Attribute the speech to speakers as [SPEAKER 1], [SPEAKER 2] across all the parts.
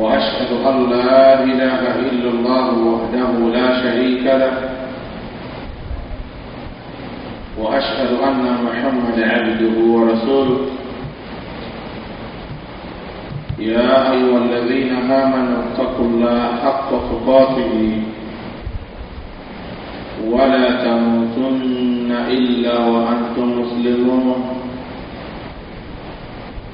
[SPEAKER 1] وأشهد أن لا إله إلا الله وحده لا شريك له وأشهد أن محمد عبده ورسوله يا أيها الذين آمنوا اتقوا الله حق تقاته ولا تموتن إلا وأنتم مسلمون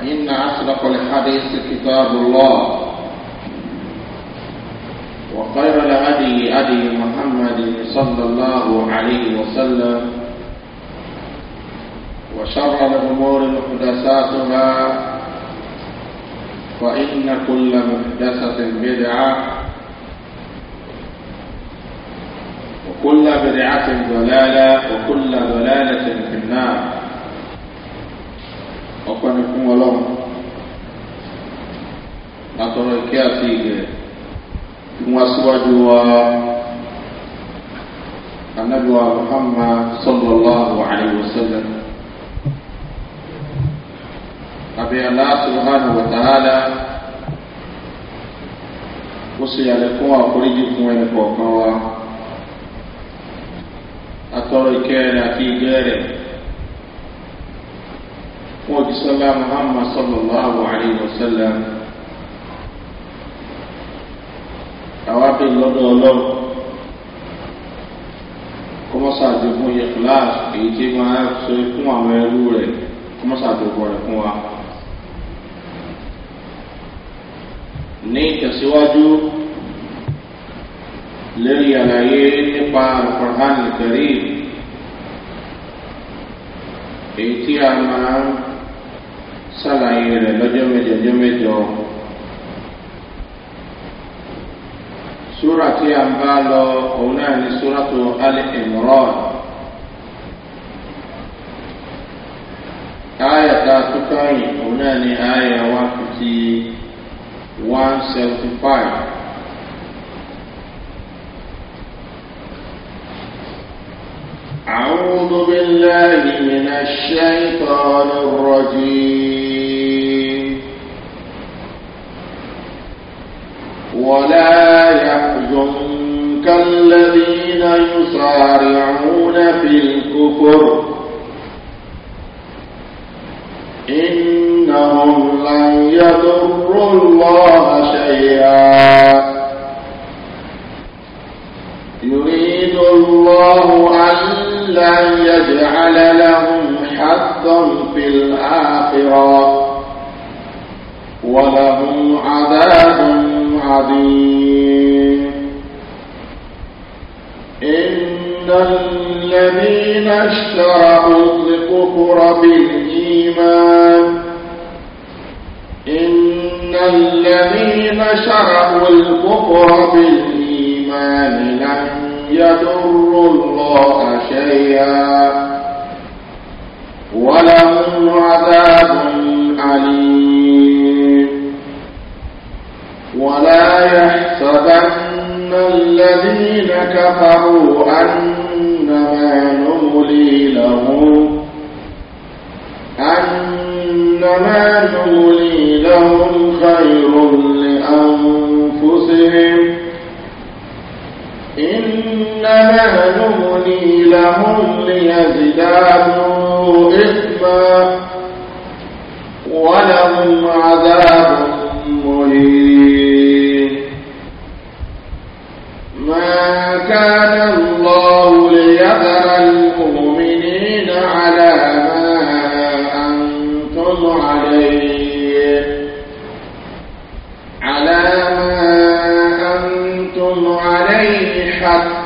[SPEAKER 1] فإن أصدق الحديث كتاب الله وخير الهدي هدي محمد صلى الله عليه وسلم وشر الأمور محدثاتها فإن كل محدثة بدعة وكل بدعة ضلالة وكل ضلالة في النار وقد ọlọ́run látọrọ ìkẹ́ àti ìgbẹ́ fún wa síwájú wa anábíwá muhammad sallallahu alayhi wa sallam àbí aláṣùmáàlú wa tààlà ó sì yàlẹ̀ fún àforíjì fún ẹnì kọ̀ọ̀kan wa
[SPEAKER 2] àtọrọ ìkẹ́ rẹ̀ àti ìgbẹ́ rẹ̀ fún òjísọ́lá muhammad sallallahu alayhi wa sallam àwa bí lọ́dọ̀ ọlọ́run kọ́mọ́sàdógún yẹ̀kúláàs èyí tí máa ṣe fún àwọn ẹrú rẹ̀ kọ́mọ́sàdógún rẹ̀ fún wa. ní ìtẹ̀síwájú lórí àlàyé nípa alukọ̀rán ìtẹ̀rí èyí tí a máa ń sàlàyé rẹ̀ lọ́jọ́ mẹ́jọ ọjọ́ mẹ́jọ. súrà tí a ń bá lọ
[SPEAKER 1] òun náà ní súrà tó alẹ́ ìmọ̀ràn. Aya ta tuka yi òun náà ní aya one fifty
[SPEAKER 2] one seventy five.
[SPEAKER 1] أعوذ بالله من الشيطان الرجيم ولا يحزنك الذين يصارعون في الكفر إنهم لن يضروا
[SPEAKER 3] الله شيئا
[SPEAKER 1] يريد الله أن لا يجعل لهم حظا في الآخرة ولهم عذاب عظيم إن الذين اشتروا الكفر بالإيمان إن الذين شرعوا الكفر بالإيمان لن يضروا الله شيئا ولهم عذاب أليم ولا يحسبن الذين كفروا أنما نولي لهم أنما نولي لهم خير لأنفسهم إنما نولي لهم ليزدادوا إثما ولهم عذاب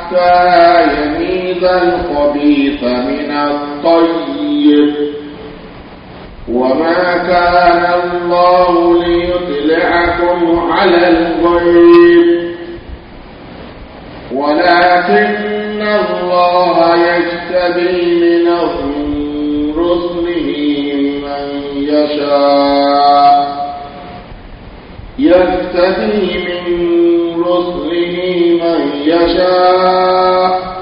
[SPEAKER 1] حتى يميز الخبيث من الطيب وما كان الله ليطلعكم على الغيب ولكن الله يجتبي من رسله من يشاء يجتبي من رسله من يشاء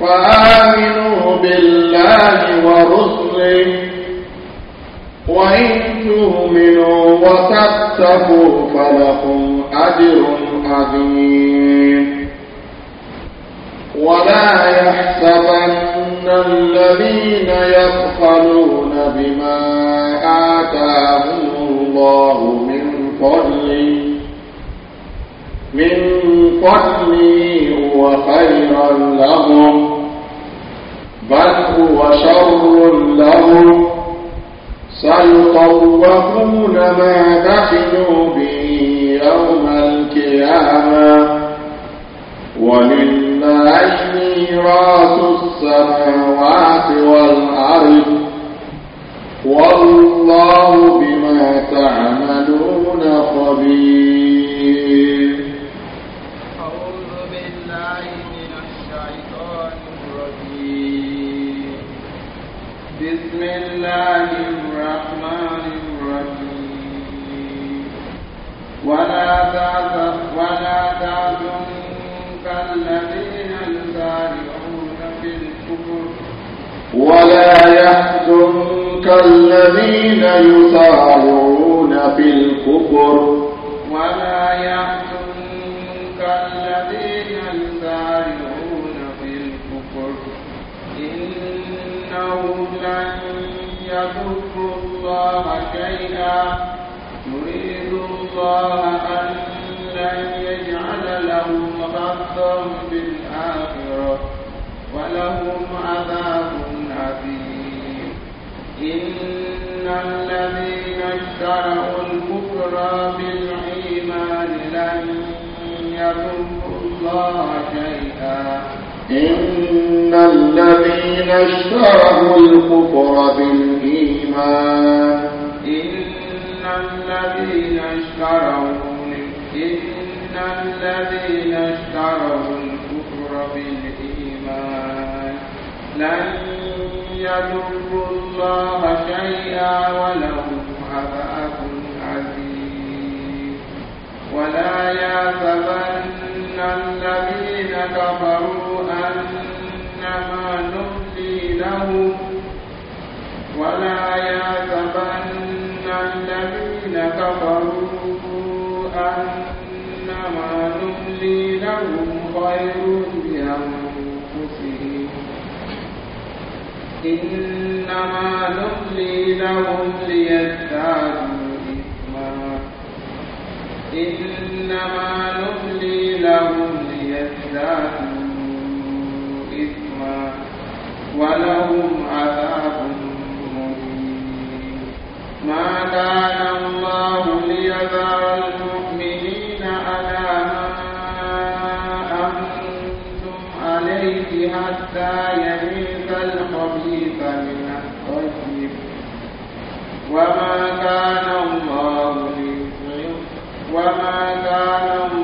[SPEAKER 1] فآمنوا بالله ورسله وإن تؤمنوا وتتقوا فلكم أجر عظيم ولا يحسبن الذين يبخلون بما آتاهم الله من فضله من فضلي هو خيرا لهم بل هو شر لهم سيطوقون ما دخلوا به يوم القيامة ولله ميراث السماوات والأرض والله بما تعملون خبير بسم الله الرحمن الرحيم ولا تعزم ولا تعزمك
[SPEAKER 3] الذين يسارعون في الكفر ولا
[SPEAKER 1] يحزنك الذين يسارعون في الكفر ولا يحزنك الذين تكفوا الله شيئا يريد الله أن لن يجعل لهم حظا في الآخرة ولهم عذاب عظيم إن الذين اشتروا الكفر بالإيمان لن يضروا الله شيئا إن الذين اشتروا الكفر بالإيمان إن الذين اشتروا إن الذين اشتروا الكفر بالإيمان لن يضروا الله شيئا ولهم عذاب عزيز ولا يحسبن الذين كفروا له
[SPEAKER 3] ولا يحسبن الذين كفروا أنما نملي لهم
[SPEAKER 1] خير لأنفسهم إنما نملي لهم ليزدادوا إثما إنما نملي لهم ليزدادوا إثما ولهم
[SPEAKER 3] عذاب مهين
[SPEAKER 1] ما كان الله ليذر المؤمنين على ما أنتم عليه حتى يميز الخبيث من الطيب وما كان الله ليذر وما كان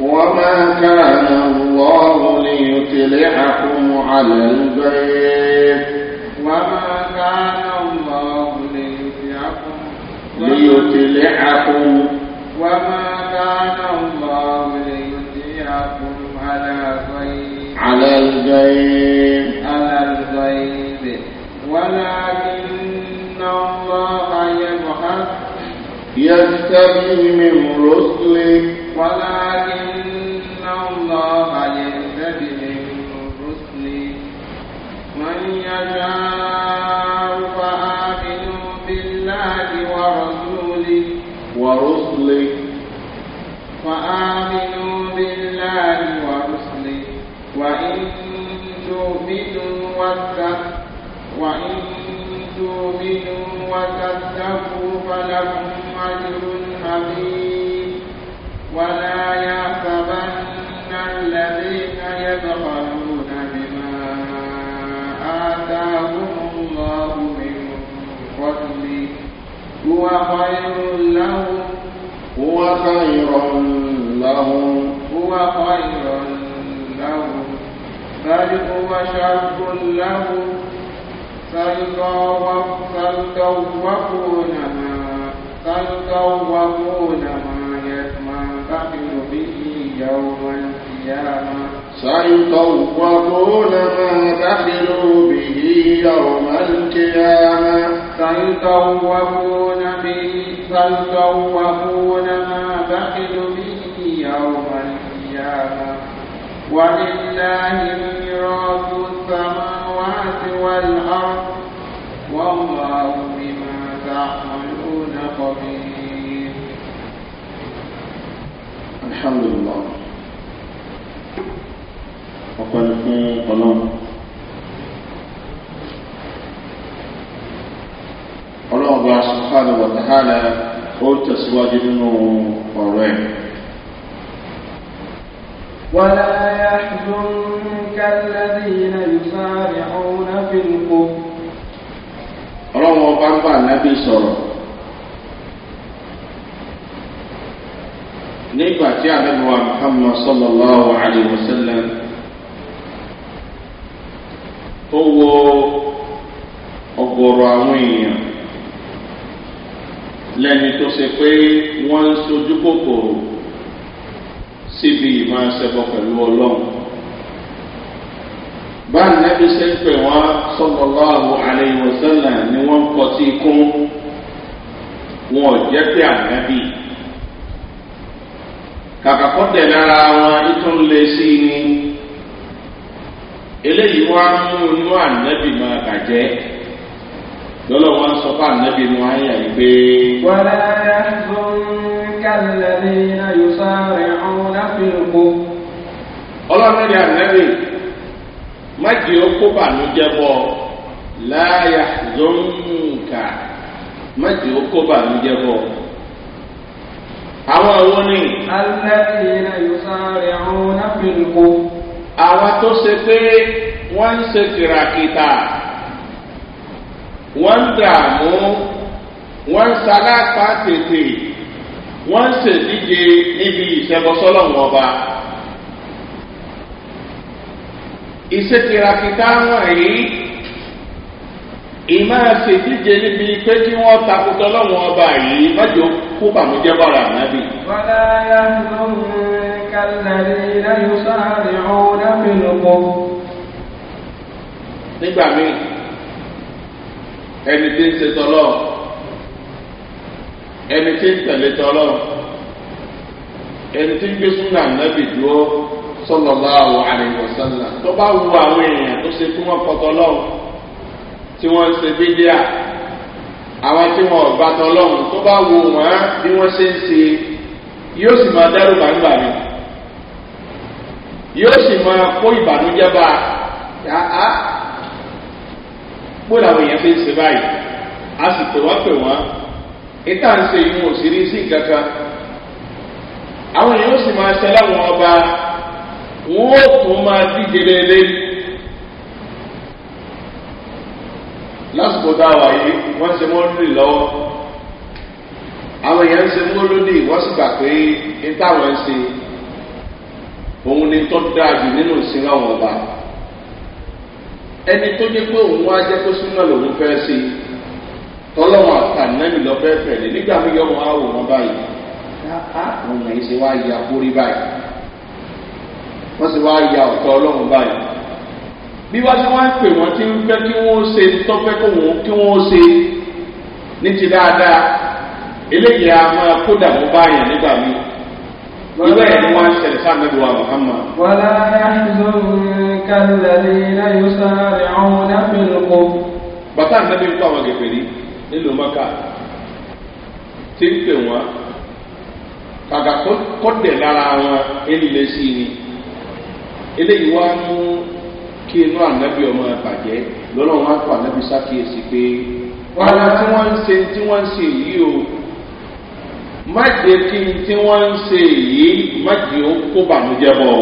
[SPEAKER 1] وما كان الله ليطلعكم على البيت وما كان الله ليطلعكم
[SPEAKER 3] ليطلعكم
[SPEAKER 1] وما كان الله ليطلعكم على البيت على البيت يجتبي من رسله ولكن الله يجتبي من رسله من يشاء فآمنوا بالله ورسوله
[SPEAKER 2] ورسله
[SPEAKER 1] فآمنوا بالله ورسله وإن تؤمنوا وإن تؤمنوا وتتقوا فلكم أجر عظيم ولا يحسبن الذين يبخلون بما آتاهم الله من فضله هو خير لهم هو خير لهم هو خير لهم بل هو شر لهم سيطوقون بل توهمون ما ينبغي به يوم القيامة
[SPEAKER 3] سيطوقون ما
[SPEAKER 1] بخلوا به يوم القيامة سيطوقون به سيطوقون ما بخلوا به يوم القيامة ولله ميراث السماوات والأرض والله بما تعملون تكون قبيل الحمد لله وقال في قلوب
[SPEAKER 2] ọlọ́ọ̀bá sùhánù wàtàhálà ó tẹ̀síwájú nínú ọ̀rọ̀ ẹ̀.
[SPEAKER 1] ولا يحزنك الذين يسارعون في الكفر ọlọ́wọ́ bá ń bá ànábì sọ̀rọ̀ nígbà tí àdébùwà muhammad sallallahu alayhi wa sallam
[SPEAKER 2] ó wo ọgọrọ àwọn èèyàn lẹni tó ṣe pé wọn ń sojú kòkòrò síbi ìmáṣẹbọ pẹlú ọlọrun bá nẹbi ṣe ń pè wọn sọlọláhu alayhi wa sallam ni wọn sí ikún wọn ò jẹ pé ànábì kàkà kọ́ tẹ̀ lára wọn ìtún lé sí i ni eléyìí wá mú inú ànábì máa bàjẹ́ lọ́lọ́ wọn sọ fún ànábì inú ayé
[SPEAKER 1] yìí pé. wàlá yàtúnkàlẹ̀ ní ayọ̀sá rẹ̀ ọ̀hún láti rúkọ. ọlọ́run ní ànábì má ó
[SPEAKER 2] kó bànújẹ́ bọ́ láyà zọ́nkà má ó kó bànújẹ́ bọ́ àwọn àwọn ni. alẹ́bí iná yusari ọ̀hún nàbìlú. àwọn tó ṣe pé wọ́n ń ṣe kìràkìtà wọ́n ń dààmú wọ́n ń salápa tètè wọ́n ń ṣèdíje níbi ìṣẹ́bọsọ́lọ̀ wọn ìṣe kìràkìtà wọ̀nyí ìmá ṣèdíje níbi pé kí wọ́n takùtọ̀ lọ́wọ́ ọba yìí mọ́jọ kó bàmújẹ́ bọ̀rọ̀ ànábì.
[SPEAKER 1] wàlá yà lóhùn kálárì láyò sáré ọ̀dà mélòó kọ́.
[SPEAKER 2] nígbà míì ẹni tí ń ṣe tọ́lọ́ ẹni tí ń tẹ̀lé tọ́lọ́ ẹni tí ń gbé súnà ànábì dúró sọlọ́lá àwọn àrẹ̀wọ̀sánlá tó bá wu àwọn èèyàn tó ṣe kí wọ́n kọ́tọ́ lọ́wọ́ tí wọ́n ṣe bídíà àwọn tí wọ́n ọ̀gbà tán lọ́hùn tó bá wo wọ́n bí wọ́n ṣe ń ṣe yóò sì máa dẹ́rù gbàgbà mi yóò sì máa kó ìbànújẹ́ bá a gbọ́dọ̀ àwọn èèyàn ṣe ń ṣe báyìí a sì pè wọ́n pè wọ́n ìta ń ṣe ìmú òṣèré sí kankan àwọn èèyàn ó sì máa ṣẹlẹ̀ wọn ọba wọn ó tún máa díje lélẹ́yìn. lásìkò dáwà yìí wọ́n ṣe mọ́lódì lọ́wọ́ àwọn èèyàn ń ṣe mọ́lódì wọ́n sì gbà pé ní táwọn ń ṣe òun ni tó dáa jù nínú ìsinmi àwọn ọba ẹni tó jẹ́ pé òun wá jẹ́ kó súnmọ́ lòun fẹ́ ṣe tọ́lọ́wọ́n àtànẹ́mì lọ́fẹ́ fẹ̀lẹ́ nígbà mi yọ wọn á wò wọn báyìí á àwọn èèyàn ṣe wá ya kórí báyìí wọ́n sì wá ya ọ̀tọ̀ ọlọ́run báyìí bí wá sí wọn pè wọn ti ń fẹ́ kí wọ́n ṣe tọ́pẹ́ kó wọn kí wọ́n ṣe ní ti dáadáa eléyìí a máa kó dààmú báyìí nígbà mi ìwé ẹ̀ ni
[SPEAKER 1] wọ́n ṣẹlẹ̀ sáàmì wa muhammad. wàlá yàtúndùnkà lẹ́yìn ayọ̀ sáré ọ̀hún láfẹ̀lùkọ. bàtà nàbí kọ́ àwọn gẹ̀gẹ̀ rí nílùú maka
[SPEAKER 2] ti ń pè wọ́n kàkà kọ́ dẹ̀ lára wọn ẹ̀ lè sí ni eléyìí wá mú kí inú ànábì ọmọ bàjẹ́ lọ́lọ́run wá kó ànábì sákìyèsí pé wàhálà tí wọ́n
[SPEAKER 1] ń ṣe tí wọ́n ń
[SPEAKER 2] ṣe yìí o má jẹ́ kí n tí wọ́n ń ṣe yìí má jẹ́ ó kó bànújẹ́ bọ̀.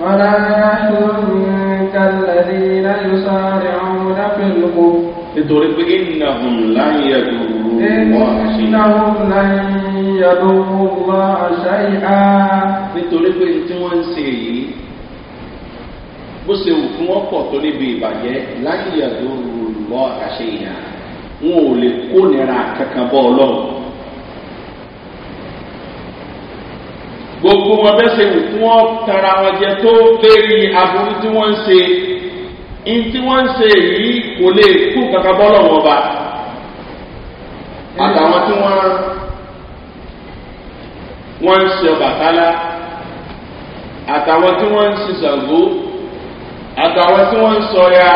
[SPEAKER 1] wàhálà kàlẹ́dínlá yóò sáré àwọn ọ̀dàpẹ̀lú kò. nítorí pé ìnáhùn láyé ẹ̀dùn wọ́n ṣe. láyé ẹ̀dùn wọ́n ṣe.
[SPEAKER 2] nítorí pé n tí wọ́n ń ṣe yìí bó ṣe wù kí wọ́n pọ̀ tó níbi ìbàjẹ́ láyé tó lọ́ àṣẹ ìyá wọn ò lè kó nira kankan bọ́ ọlọ́run. gbogbo wọn bẹ́ẹ̀ ṣe wù kí wọ́n tara wọn jẹ tó lérí aburú tí wọ́n ń ṣe ní tí wọ́n ń ṣe yìí kò lè kú kankan bọ́ ọlọ́run ọba
[SPEAKER 3] àtàwọn tí wọ́n
[SPEAKER 2] wọ́n ń ṣe ọbàtálá àtàwọn tí wọ́n ń ṣe ṣàngó àtàwọn tí wọ́n ń sọ̀yà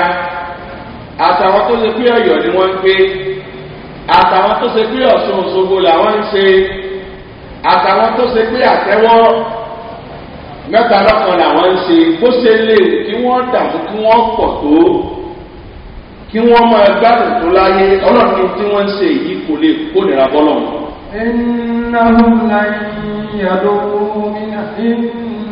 [SPEAKER 2] àtàwọn tó ṣe pé ọ̀yọ́ ni wọ́n ń gbé àtàwọn tó ṣe pé ọ̀ṣun òṣogbo làwọn ń ṣe àtàwọn tó ṣe pé àtẹ́wọ́ mẹ́ta lọ́kan làwọn ń ṣe bó ṣe lè kí wọ́n dàbí kí wọ́n pọ̀ tó kí wọ́n máa gbádùn tó láyé ọlọ́run tí wọ́n ń ṣe èyí kò lè kó nira bọ́lọ̀.
[SPEAKER 1] ẹnìnàhùn láyé yàdó omi náà.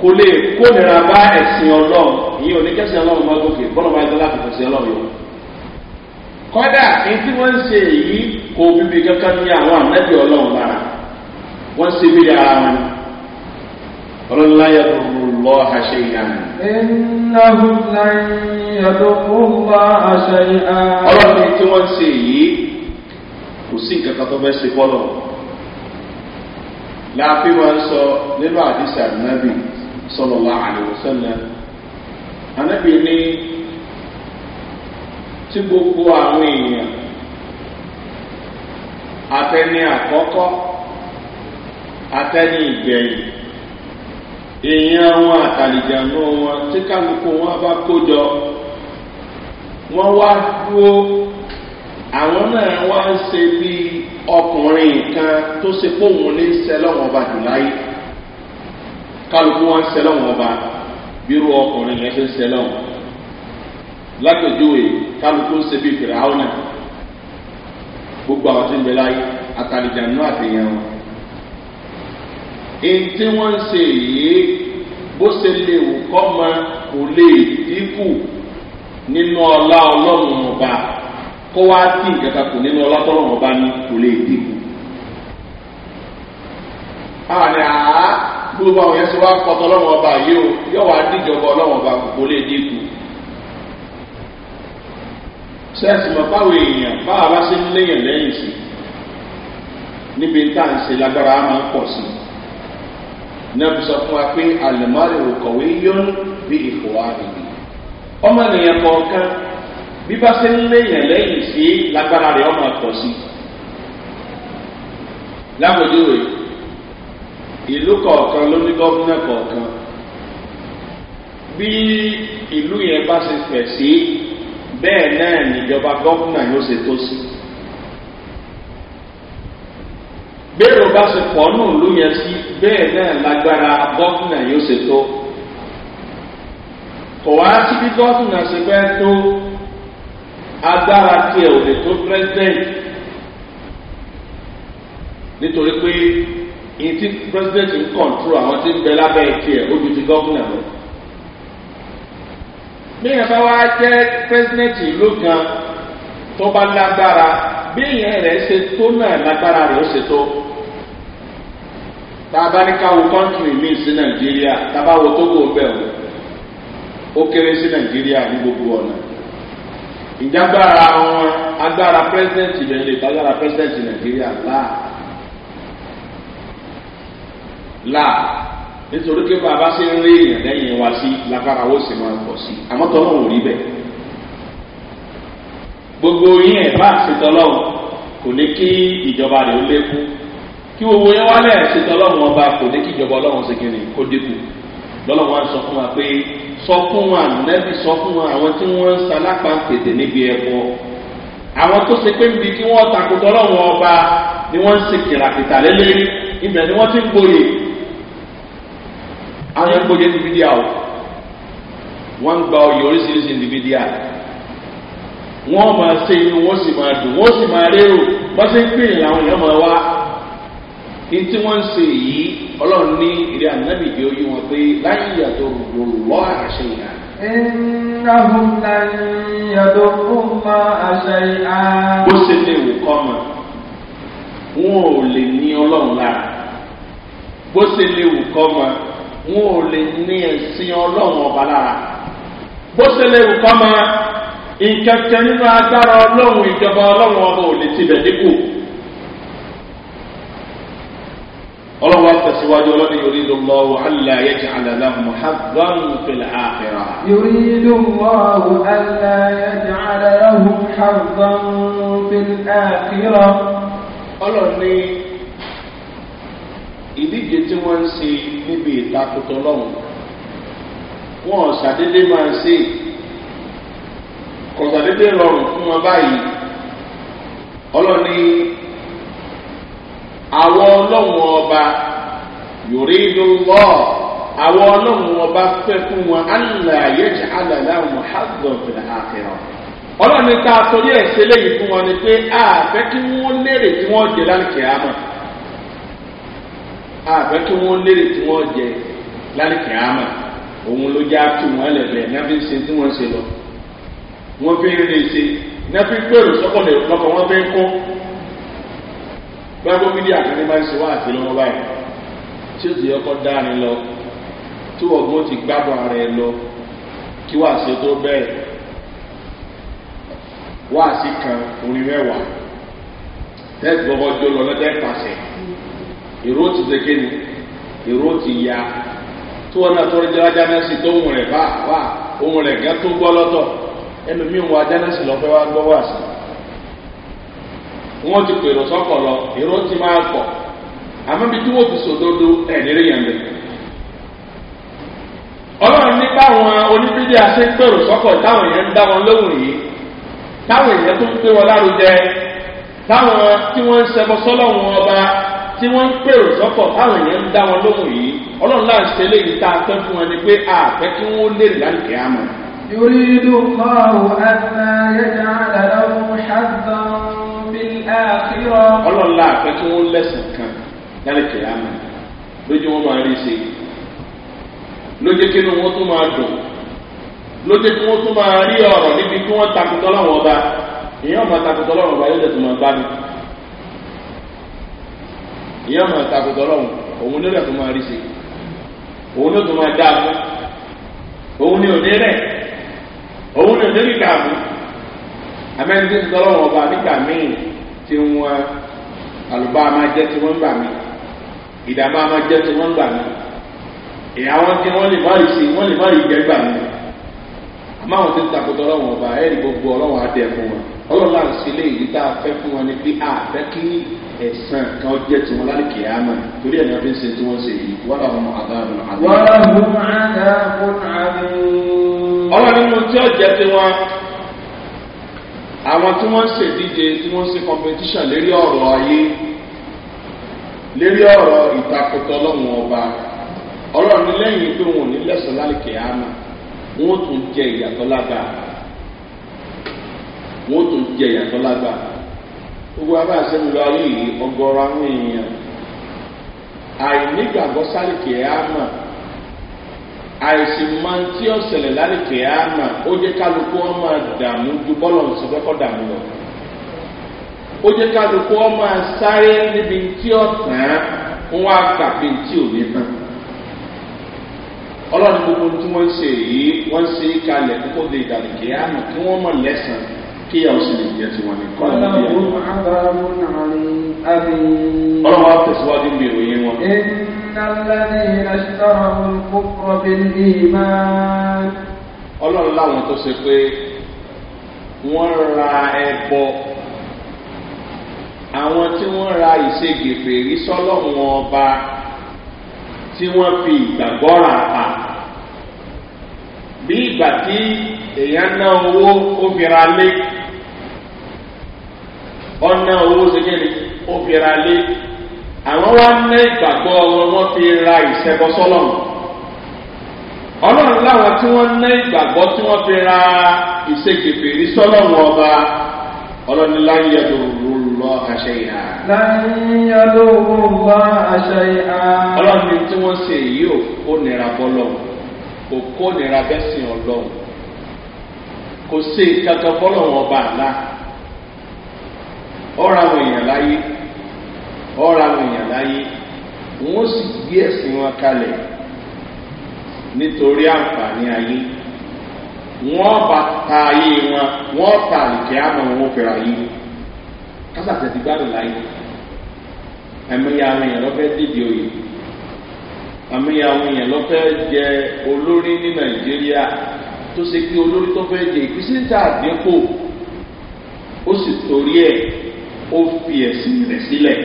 [SPEAKER 2] kò lè kónira bá ẹ̀sìn ọlọ́run ìyẹn ò ní kẹ́sìn ọlọ́run bá gòkè bọ́lá bá dọ́là kò sí ọlọ́run yòó. kọ́dà ní tí wọ́n ń ṣe èyí kò bíbi kankan ní àwọn ànábì ọlọ́run lára wọ́n ṣe bí ara wọn. ọlọ́run láyà gbogbo lọ àṣẹ ìyàmù.
[SPEAKER 1] ẹnáhùn láyìn àdókòó bá àṣẹ ìyàmù. ọlọ́run ní tí
[SPEAKER 2] wọ́n ń ṣe èyí kò sí nǹkan kan tó fẹ́ ṣe fọ́lọ̀ láàfin wọn sọ nínú àdìsí ànábì sọlọ́lá àdìmọ́sẹ́lẹ̀ anábì ní tí gbogbo àwọn èèyàn atẹni àkọ́kọ́ atẹni ìgbẹ̀yìn èèyàn wọn àtàlìjànú wọn tí kálukú wọn bá kó jọ wọn wá dúró àwọn náà wá ń ṣe bí ọkùnrin kan tó ṣe fóun ní sẹlọ́wọ́n bàdùn láyé kálukú wọn sẹlẹ̀ wọn ba bírú ọkùnrin yẹn ṣe ń sẹlẹ̀ wọn lápẹjúwe kálukú ń ṣebí ìfìrà àwọn náà gbogbo àwọn tí ń bẹ láyé àtàlìjànú àtẹ̀yẹ wọn. èyí tí wọ́n ń ṣe yìí bó ṣe lè wò kọ́ ma kò lè dínkù nínú ọlá ọlọ́run ọba kó wá dín kankan kù nínú ọlá tọ́lọ́run ọba ní kò lè dínkù. àrà gbogbo àwọn yẹn ti wá kọtọ ọlọ́wọ́n ọba yìí o yóò wá díjọba ọlọ́wọ́n ọba gbogbo lè dínkù. sẹ́ẹ̀sì mọ̀ báwo èèyàn báwa bá ṣe ń léyìn lẹ́yìn sí níbi tá à ń ṣe lágbára á máa ń pọ̀ sí i sọ fún wa pé àlùmọ́ọ́lù òkọ̀wé yóò bí ìfò wa nìyí. kọ̀ọ̀kan bí bá ṣe ń léyìn lẹ́yìn sí lágbára rẹ̀ ọmọ àpọ̀ sí i. rẹ̀ ìlú kọ̀ọ̀kan ló ní gọ́fúnà kọ̀ọ̀kan bí ìlú yẹn bá ṣe pẹ̀ sí bẹ́ẹ̀ náà níjọba gọ́fúnà yóò ṣe tó sí. bẹ́ẹ̀rù bá ṣe pọ̀ nù ìlú yẹn sí bẹ́ẹ̀ náà lágbára gọ́fúnà yóò ṣe tó. kò wá sí bí gọ́fúnà ṣe fẹ́ tó agbára tiẹ̀ ò lè tó pírẹ́sidẹ̀ntì nítorí pé. èyí tí president ń kọ̀ntró àwọn tí ń bẹ lábẹ́ ìtì ẹ̀ ojú ti gọ́fúnà lọ. bí èèyàn bá wá jẹ́ president ìlú kan tó bá lágbára bí èèyàn rẹ̀ ṣe tó náà lágbára rẹ̀ ó ṣe tó. tá a bá ní ká wo kọ́ńtìrì míì sí o ó kéré sí nàìjíríà ní gbogbo ọ̀nà. ìjágbára agbara agbára president ìbẹ̀lẹ̀ ìtagbára nigeria nàìjíríà La, nítorí pé bàbá ṣe ń rí èèyàn lẹ́yìn wa sí lágbára ó sì máa pọ̀ sí àmọ́ tọ́lọ́hún ò rí bẹ́ẹ̀ gbogbo yín ẹ̀ bá ṣètọ́lọ́hún kò ní kí ìjọba rẹ̀ ó lékún kí gbogbo yẹn wálẹ̀ ṣètọ́lọ́hún ọba kò ní kí ìjọba ọlọ́run ṣe kiri kó dínkù lọ́lọ́wọ́ á sọ fún wa pé sọ fún wa nẹ́bí sọ fún wa àwọn tí wọ́n ń salápá tètè níbi ẹ̀kọ́ àwọn tó ṣe pé níbi kí wọ́n takùtọ́ ọlọ́run ọba ni wọ́n ń ṣe kìràkìtà lélẹ́rí ibẹ̀ ni wọ́n ti ń gboyè àwọn ẹgbẹ́ jẹ́ dìbídíà o wọ́n ń gba oyè oríṣiríṣi dìbídíà wọ́n máa ṣe inú wọ́n sì máa dùn wọ́n sì máa rérò bá ṣe ń gbìyànjú àwọn èèyàn máa wá ní tí wọ́n ń ṣe yìí ọlọ́run ní ilé ànábì bí ó yí wọn pé láyé ìyàtọ̀ gbogbo lọ́ àṣẹ ìhà.
[SPEAKER 1] ìnáhùn láyé ìyàtọ̀ gbogbo àṣẹ ìhà. bó ṣe lè wò kọ́ mọ̀ wọn
[SPEAKER 2] ò lè ní ọlọ́run lára bó ṣe lè wò kọ́ mọ̀ wọn ò lè ní ẹ̀sìn ọlọ́run ọba lára bó ṣe lè wù kọ́ máa ìkẹ̀kẹ́ nínú agbára ọlọ́run ìjọba ọlọ́run ọba ò lè tibẹ̀ dínkù. ọlọ́wọ́ tẹ̀síwájú ọlọ́ni yorí ló lọ wọ alẹ́ ayé jẹ́ alẹ́lá muhabban fìlà àkẹ́rà.
[SPEAKER 1] yorí ló wọ alẹ́ ayé jẹ́ alẹ́lá muhabban fìlà àkẹ́rà. ọlọ́ni.
[SPEAKER 2] ìdíje tí wọ́n ń se níbi ìtakùtọ̀ lọ́hùn wọn ṣàdédé máa ń ṣe kọ̀ṣàdédé rọrùn fún wọn báyìí ọlọ́ni àwọn ọlọ́run ọba yòrídó lọ àwọn ọlọ́run ọba fẹ́ fún wọn allah yẹjẹ alàlá muhammed sọ fún wọn àfẹ́ kí wọ́n lérè tí wọ́n jẹ lálẹ́kẹ̀ àmà òun ló já tù wọ́n lẹ̀bẹ̀ náà fi ń ṣe tí wọ́n ṣe lọ. wọ́n fi ń rìn ṣe náà fi gbèrò sọ́kọ̀ lè lọ́kọ̀ wọ́n fi ń kọ́. báwo bí díà kan ní bá ń ṣe wá àti lọ́wọ́ báyìí tí ó ti ọkọ̀ dárin lọ tí ọgbọ́n ti gbádùn ara ẹ lọ kí wàá ṣe tó bẹ́ẹ̀ wàá sí kan orin mẹ́wàá tẹ́sí gbọ́gbọ́ jó lọ lọ́jọ́ ìpàṣẹ ìró ti dèké ni ìró ti ya tó wọn náà tó ń jẹ́ ajánásì tó ń rẹ̀ bá wà ohun rẹ̀ gẹ́ tó gbọ́ lọ́tọ̀ ẹlòmíín wọ ajánásì lọ́fẹ́ wá gbọ́ wà sí wọn ti pèrò sọ́kọ̀ lọ ìró ti máa pọ̀ àmọ́ bí tí wọ́n ti sòdodo ẹ̀ nírí yẹn bẹ̀rẹ̀ ọlọ́run ní báwọn oníbídé àṣẹ ń pèrò sọ́kọ̀ táwọn èèyàn ń dá wọn lóhùn yìí táwọn èèyàn tó ń pè wọn lárugẹ táwọn tí wọ́n ń ṣẹbọ sọ́lọ́hún tí wọ́n ń pèrò sọ́kọ̀ táwọn èèyàn ń dá wọn lóhùn yìí ọlọ́run láì ṣe léyìí tá a fẹ́ fún wọn ni pé a kí wọ́n lè àmọ́.
[SPEAKER 1] bí ọlọ́run láì
[SPEAKER 2] fẹ́ kí wọ́n lẹ́sìn kan lálùkẹ́ àmọ́ lójú wọn máa rí ṣe lójú kí ni wọ́n tún máa dùn lójú kí wọ́n tún máa rí ọ̀rọ̀ níbi kí wọ́n láwọn ọba ìyá ọ̀nà ìtakùtọ̀ ọlọ́run òun nílẹ̀ tó máa rí sí òun ló tó máa dáa fún òun ní òní rẹ̀ òun ní òní nígbà fún amẹ́ni tí tọ́lọ́ wọn ọba nígbà míì tí wọn àlùbá máa jẹ́ tí wọ́n gbà mí ìdààmú máa jẹ́ tí wọ́n gbà mí ìyàwó tí wọ́n lè má rí sí wọ́n lè má rí jẹ́ gbà mí máwọn ti ń takòtò ọlọ́wọ̀n ọba ẹ̀rí gbogbo ọlọ́wọ̀n adẹ fún wọn ọlọ́run láti ṣe léyìí tá a fẹ́ fún wọn ni pé a fẹ́ kí ẹ̀sán kan jẹ́ tiwọn lálùkì àmà torí ẹ̀ ní wọ́n fi ń ṣe tí wọ́n ṣe yìí wọ́n làwọn àdáàbò àdáàbò. wọ́n làwọn
[SPEAKER 1] àdáàbò àdáàbò. ọlọ́run
[SPEAKER 2] nínú tí ó jẹ́ tiwọn àwọn tí wọ́n ń ṣèdíje tí wọ́n ṣe competition lérí ọ̀rọ̀ ayé lérí ọ̀rọ̀ ìtakòtò ọlọ́run ọba ọlọ́run ní pé wọn ò ní lẹ́sàn lálùkì àmà wọ́n tún jẹ ìyàtọ̀ lágbàá wọ́n tún jẹ ìyàtọ̀ lágbàá gbogbo abá àṣẹ́mìlọ ayé yìí ọgọ́rọ̀ àwọn èèyàn àìnígbàgbọ́ sálìkè àmà àìsí máa ń tí ọ̀sẹ̀lẹ̀ lálìkè àmà ó jẹ́ kálukú ọmọ dààmú ju bọ́ọ̀lù ṣùgbọ́kọ̀ dààmú lọ ó jẹ́ kálukú ọmọ sáré níbi tí ọ̀tàn wọn á gbà tí ò ní tán ọlọ́run gbogbo tí wọ́n ń ṣe yìí wọ́n ṣe é kalẹ̀ kókó de ìdàlùkè àmì kí wọ́n mọ̀ lẹ́sàn kí ìyàwó sì lè jẹ́ tiwọn ní kọ́ ọlọ́run
[SPEAKER 1] wọn. ọlọ́run láwọn tó ṣe pé
[SPEAKER 2] wọ́n ra ẹbọ àwọn tí wọ́n ra ìṣègbè fèrè sọ́lọ́run ọba tí wọ́n fi ìgbàgbọ́ rà á bí ìgbà tí èèyàn ná owó obìnrin alẹ́ ọ̀nà owó ṣẹ́gẹ́lì obìnrin alẹ́ àwọn wa ná ìgbàgbọ́ wọn wọ́n fi ra ìṣẹ́bọsọ́lọ́mù
[SPEAKER 3] ọlọ́run láwọn
[SPEAKER 2] tí wọ́n ná ìgbàgbọ́ tí wọ́n fi ra ìṣègbèbèrè sọ́lọ́mù ọba ọlọ́run láyé ẹ̀dùn òru الله شيئا
[SPEAKER 1] لن
[SPEAKER 2] يضروا الله شيئا ọlọ́run ní tí wọ́n ṣe yìí ò kó nira bọ́lọ́run kò kó nira bẹ́sìn ọlọ́run kò ṣe kankan bọ́lọ́run ọba àlá ọ̀rọ̀ àwọn èèyàn láyé ọ̀rọ̀ àwọn èèyàn gbé ẹ̀sìn wọn kalẹ̀ nítorí àǹfààní ayé wọ́n bá ta ayé wọn wọ́n ta àlùkè àmọ́ wọn fẹ́ra yìí kásàtẹ̀ ti gbádùn láyé ẹ̀mẹ́yà àwọn èèyàn lọ́fẹ́ dìde oyè ẹ̀mẹ́yà àwọn èèyàn lọ́fẹ́ jẹ olórí ní nàìjíríà tó ṣe pé olórí tó fẹ́ jẹ ìpísíńtà àdínkù ó sì torí ẹ̀ ó fi ẹ̀sìn rẹ̀ sílẹ̀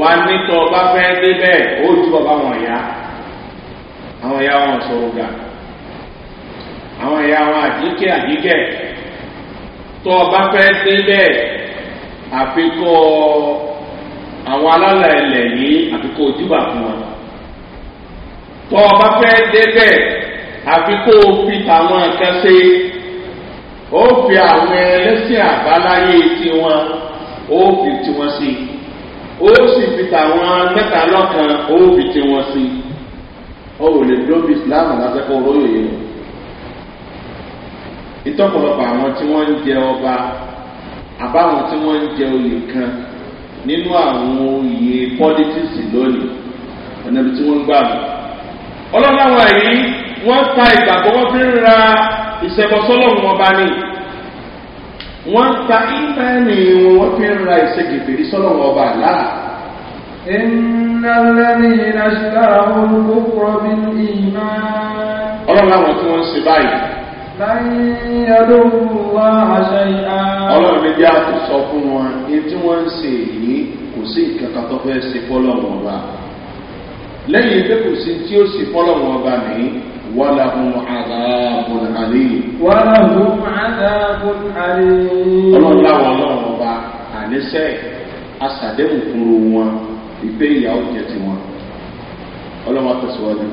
[SPEAKER 2] wà nítọ́ ọba fẹ́ débẹ̀ ó ju ọba wọn yá àwọn ìyá wọn sọ̀rọ̀ gà àwọn ìyá wọn àdínkẹ́ àdínkẹ́ tọ́ ọba fẹ́ débẹ̀ àfikọ́ àwọn alálà ilẹ̀ ní àfikọ́ ojúbà fún wa tọ́ ọ bá fẹ́ débẹ̀ àfikọ́ fi tàwọn nǹkan ṣe ó fi àwọn ẹlẹ́sìn àbáláyé tiwọn ó fi tiwọn sí ó sì fi tàwọn mẹ́ta lọ́kan ó fi tiwọn sí ó wò lè dúró bí islam lásìkò olóyè yìí ìtọ́pọ̀lọpọ̀ àwọn tí wọ́n ń jẹ ọba àbáwọn tí wọ́n ń jẹ oyè kan nínú àwọn oyè politics lónìí ọ̀nà ibi tí wọ́n ń gbà mí. ọlọ́run àwọn èyí wọ́n ta ìgbàgbọ́ wọn fi ń ra ìṣẹ̀bọ̀sọ́lọ́run ọba ni wọ́n ta ìmẹ́ẹ̀lì wọn wọ́n fi ń ra ìṣègbèfèrè sọ́lọ́run ọba àlá.
[SPEAKER 1] إن الذين اشتروا الكفر بالإيمان. ọlọ́run àwọn tí wọ́n ń ṣe báyìí
[SPEAKER 2] ọlọ́run méjì àti sọ fún wọn ní tí wọ́n ń ṣe èyí kò sí ìkankan tó fẹ́ ṣe fọ́lọ́wọ́n ọba lẹ́yìn pé kò sí tí ó ṣe fọ́lọ́wọ́n ọba ní wàlà hùn àdàbùn àlè. wàlà hùn
[SPEAKER 1] àdàbùn àlè. ọlọ́run láwọn ọlọ́run ọba
[SPEAKER 2] àníṣe àṣàdéhùn fún wọn ìgbé ìyàwó jẹ tiwọn ọlọ́run àtẹ̀síwájú.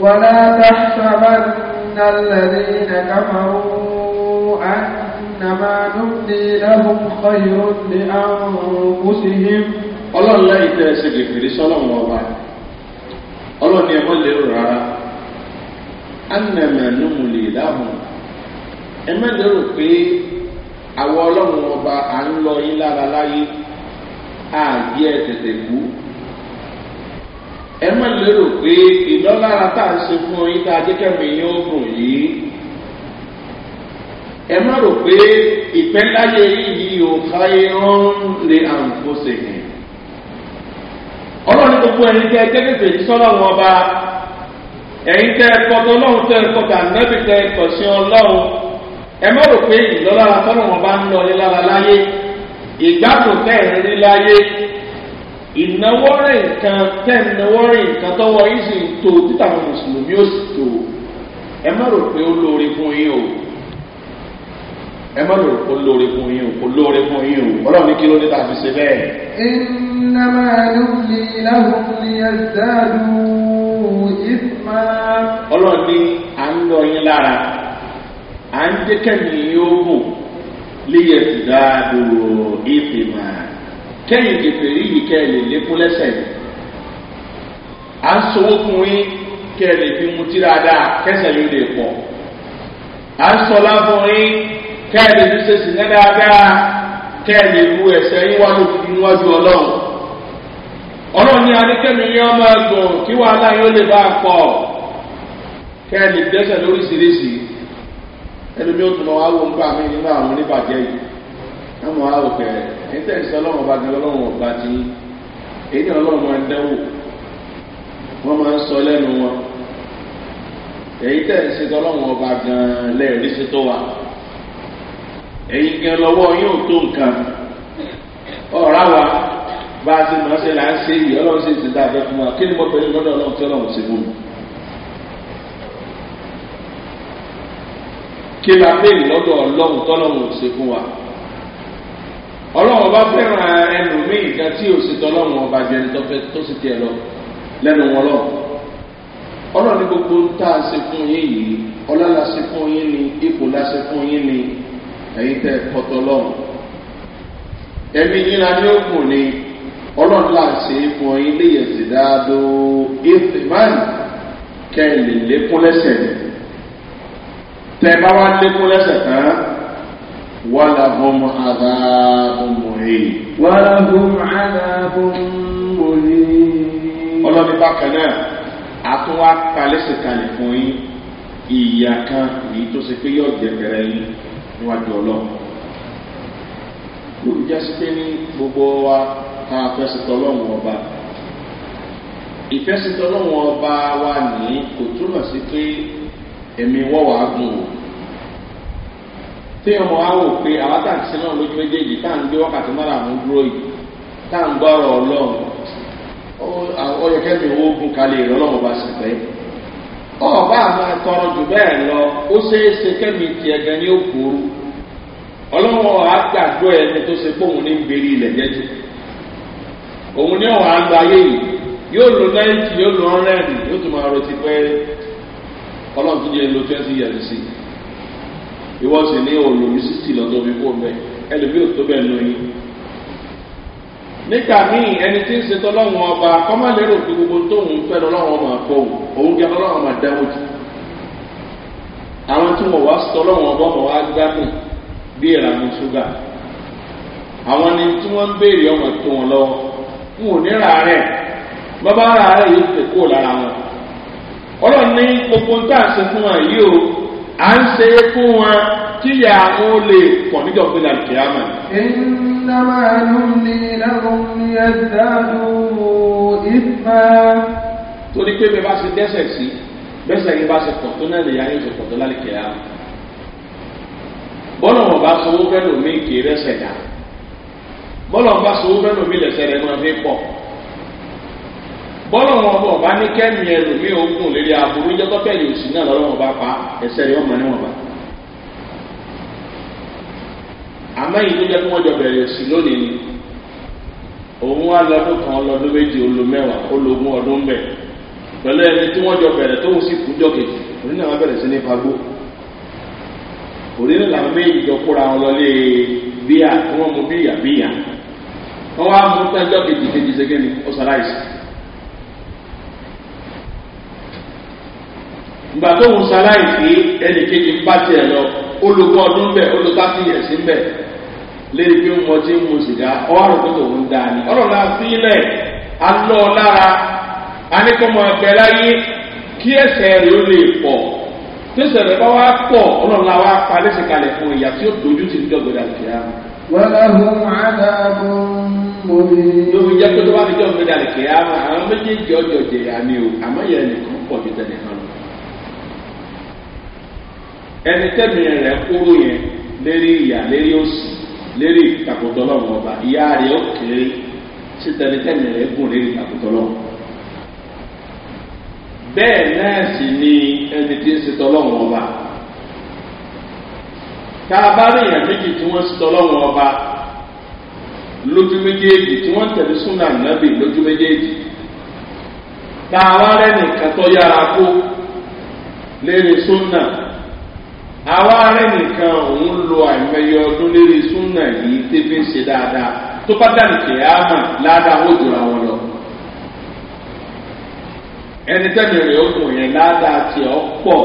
[SPEAKER 1] ولا تحسبن الذين كفروا أنما نبدي لهم خير لأنفسهم ọlọ́run
[SPEAKER 2] lẹ́yìn tẹ́ ẹ ṣe lè fèrè sọ́lọ́run ọba ọlọ́run ni ẹ mọ́ lérò rárá anamẹ́numu lè dáhùn ẹ mẹ́ lérò pé àwọn ọlọ́run ọba à ń lọ yín lára láyé àbí ẹ tètè kú ẹ má lérò pé ìlọ́lára tá à ń ṣe fún yín tá a jẹ́ kẹ́mi yín ó dùn yìí ẹ má rò pé ìfẹ́ láyé yìí ò ká irun lè àrùn kó ṣe yẹn ọlọ́run gbogbo ẹni tẹ́ ẹ jẹ́gẹ́sẹ̀ yìí sọ́lá wọn bá ẹ̀yin tẹ́ ẹ kọ́ tó ọlọ́run tẹ́ ẹ kọ́ tà nẹ́bí tẹ́ ẹ kọ́ sí ọlọ́run ẹ má rò pé ìlọ́lára tọ́lọ́wọ́n bá ń lọ ní láyé ìgbádùn tẹ́ ẹ rí láyé ìnáwó rẹ̀ nǹkan tẹ́ ìnáwó rẹ̀ nǹkan tọ́wọ́ yìí sì ń to títà àwọn mùsùlùmí ó sì to ẹ má rò pé ó lóore fún yín o ẹ má lò ó lóore fún yín o kò lóore fún yín o ọlọ́run kí ló dé tá ṣe bẹ́ẹ̀.
[SPEAKER 1] iná máa ń lè láwọn ní ẹ̀dáàlú ìfúnmá.
[SPEAKER 2] ọlọ́run ní à ń lọ yín lára à ń jẹ́ kẹ́mi yóò gùn léyẹ̀ sí dáadọ́ ìfìmá kẹ́yìn kẹfẹ́rí yìí kẹ́ ẹ lè lékún lẹ́sẹ̀ yìí à ń sọ wọ́pọ̀ yín kẹ́ ẹ lè fi mu tí dáadáa kẹ́sẹ̀ yóò lè pọ̀ à ń sọ lábọ̀ yín kẹ́ ẹ lè fi ṣèṣì ní dáadáa kẹ́ ẹ lè ru ẹ̀sẹ̀ yín wá lókùn níwájú ọlọ́run ọlọ́run ní anikẹ́mi yẹn ọmọ ẹgbọ̀n kí wàhálà yóò lè bá a pọ̀ kẹ́ ẹ lè dẹ́sẹ̀ lóríṣiríṣi ẹni mi ò tún lọ wá wo nípa mi nínú àwọn oníbàjẹ́ yìí káwọn aráàlú pẹ̀lẹ́ ẹ̀yin tẹ̀ ń sọ ọlọ́run ọba gan ọlọ́run ọba ti èyí ọlọ́run máa ń dẹ́wò wọ́n máa ń sọ lẹ́nu wọn èyí tẹ̀ ń ṣètò ọlọ́run ọba gan lẹ́ẹ̀rí ṣètò wa èyí gan lọ́wọ́ yóò tó nǹkan ọ̀rá wa bá a ti máa ṣe là ń ṣe yìí ọlọ́run sì ti dáa bẹ́ fún wa kí ni mo pẹ̀lú lọ́dọ̀ ọlọ́run tí ọlọ́run ti mú mi. kí la bẹ́ẹ̀ lọ́dọ̀ ọlọ́run tọ́lọ́run ò fún wa ọlọ́run ọba fẹ́ràn ẹlòmíì kan tí ò sí tọ́lọ́run ọba jẹ ní tọ́fẹ́ tó sì tiẹ̀ lọ lẹ́nu wọn lọ. ọlọ́run ní gbogbo ń tá a ṣe fún yín yìí ọlá la ṣe fún yín ni ipò la ṣe fún yín ni ẹ̀yin tẹ́ kọ́tọ́ lọ́run. ẹ̀mí yín la ní òkun ni ọlọ́run là ṣe é fún yín léyè sí dáadó ìfìmáàlì kẹ́ ẹ̀ lè lékún lẹ́sẹ̀ tẹ́ bá wá lékún lẹ́sẹ̀ tán. ولهم عذاب مهين ولهم
[SPEAKER 1] عذاب مهين ọlọ́ni
[SPEAKER 2] bákan náà àtúwá palẹ́sẹ̀ kalẹ̀ fún yín ìyá kan èyí tó ṣe pé yóò jẹ̀bẹ̀rẹ̀ yín níwájú ọlọ́run lórí jásí pé ní gbogbo wa ta fẹsẹ̀tọ̀ ọlọ́run ọba ìfẹsẹ̀tọ̀ ọlọ́run ọba wa ní kò túmọ̀ sí pé ẹ̀mí wọ́wàá gùn ò tí ọmọ ahụ wò pé àwa tá à ń ṣe náà lójú méjèèjì tá à ń gbé wákàtí mọ́ra àwọn dúró yìí tá à ń ọlọ́run owó gun kalẹ̀ bá sì fẹ́. ọba àwọn atọrọ jù bẹ́ẹ̀ lọ ó ṣeé kẹ́mi ẹni tó ṣe pé òun ní gbèrè ilẹ̀ òun ní yìí yóò ìwọ sì ní òyòyò sísì lọ́dọ̀ mi kó bẹ́ẹ̀ ẹlòmíì ò tó bẹ́ẹ̀ yín. nígbà míì ẹni tí ń ṣe tọ́lọ́run ọba kọ́má lérò gbogbo tóun fẹ́ lọ́lọ́run ọmọ àpọ̀ òun jẹ́ lọ́lọ́run ọmọ jù. àwọn tí wá tọ́lọ́run ọba ọmọ wa gbádùn bí ìrànú ṣúgà. àwọn ni tí wọ́n à ń ṣe é fún wọn kíyà àwọn olè pọ̀ níjọ́ pé la kìí àmà.
[SPEAKER 1] ìnáwó àlùmí lẹ́kùn ní ẹ̀dádù ìfà. torí pé bẹ́ẹ̀ bá ṣe dẹ́sẹ̀ sí bẹ́sẹ̀
[SPEAKER 2] yìí bá ṣe pọ̀ tó náà lè yá yóò ṣe pọ̀ tó lálẹ́ kìí àmà. bọ́lá wọn bá sọ fẹ́ lómi kì í rẹ́sẹ̀ dà bọ́lá wọn bá sọ fẹ́ lómi lẹ́sẹ̀ rẹ̀ máa fi pọ̀ bọ́lọ̀ wọn bọ̀ bá ní kẹ́mi ẹlòmíì ogun lórí aburú jẹ́tọ́ bẹ́ẹ̀ yóò sì náà lọ́wọ́ wọn bá pa ẹsẹ̀ yọ ọmọ níwọ̀n bá. àmọ́ ìlú jẹ́ kí wọ́n jọ bẹ̀rẹ̀ sí lónìí ni òun wá lọ́dún kan lọ́dún méjì olùmẹ́wàá ológun ọdún bẹ̀ pẹ̀lú ẹni tí wọ́n jọ bẹ̀rẹ̀ tóun sì kú jọ kejì òní náà wọ́n bẹ̀rẹ̀ sí ní fagbó òní náà làwọn méjì jọ kóra ìgbà tó ń ṣaláìsí ẹnì kejì ń bá tiẹ̀ lọ olùkọ́ ọdún bẹ́ẹ̀ olùkọ́ àti ìyẹ̀sí bẹ́ẹ̀ lérí pé wọ́n ti ń mu sìgá ọ̀rọ̀ tó tòun dá ni ọ̀rọ̀ la sílẹ̀ alọ́ lára anìkọ́mọ ẹgbẹ́ láyé kí ẹsẹ̀ rẹ̀ ó lè pọ̀ tẹsẹ̀ rẹ̀ bá wá pọ̀ ọ̀rọ̀ la wá pa lẹ́sẹ̀ kalẹ̀ fún ìyá tí ó dojú ti ní dọ̀gbẹ̀dà kìá.
[SPEAKER 1] wàlàhùn àdàbùn mọ̀lẹ́.
[SPEAKER 2] lórí ẹni tẹ́mi rẹ̀ kúrò yẹn lérí ìyá lérí òsì lérí ìtàkùtọ̀ lọ́wọ́ ọba ìyá rẹ̀ ó kéré síta ẹni tẹ́mi rẹ̀ gùn lérí ìtàkùtọ̀ lọ́wọ́. bẹ́ẹ̀ náà sì ni ẹni tí ń sitọ́ lọ́wọ́ ọba tá a bá rí èèyàn méjì tí wọ́n sitọ́ lọ́wọ́ ọba lójú méjèèjì tí wọ́n tẹ̀lé súnà nàbì lójú méjèèjì tá a wá rẹ́ nìkan tó yára kó lérí súnà àwa rẹ̀ nìkan òun lo àìmọye ọdún lérí súnà yìí tẹ́fẹ́ ṣe dáadáa tó bá dànù kẹ̀ á mà ládàá ó jùlọ àwọn lọ. ẹni tẹ́mi rẹ̀ ó kùn yẹn ládàá tiẹ̀ ọ́ pọ̀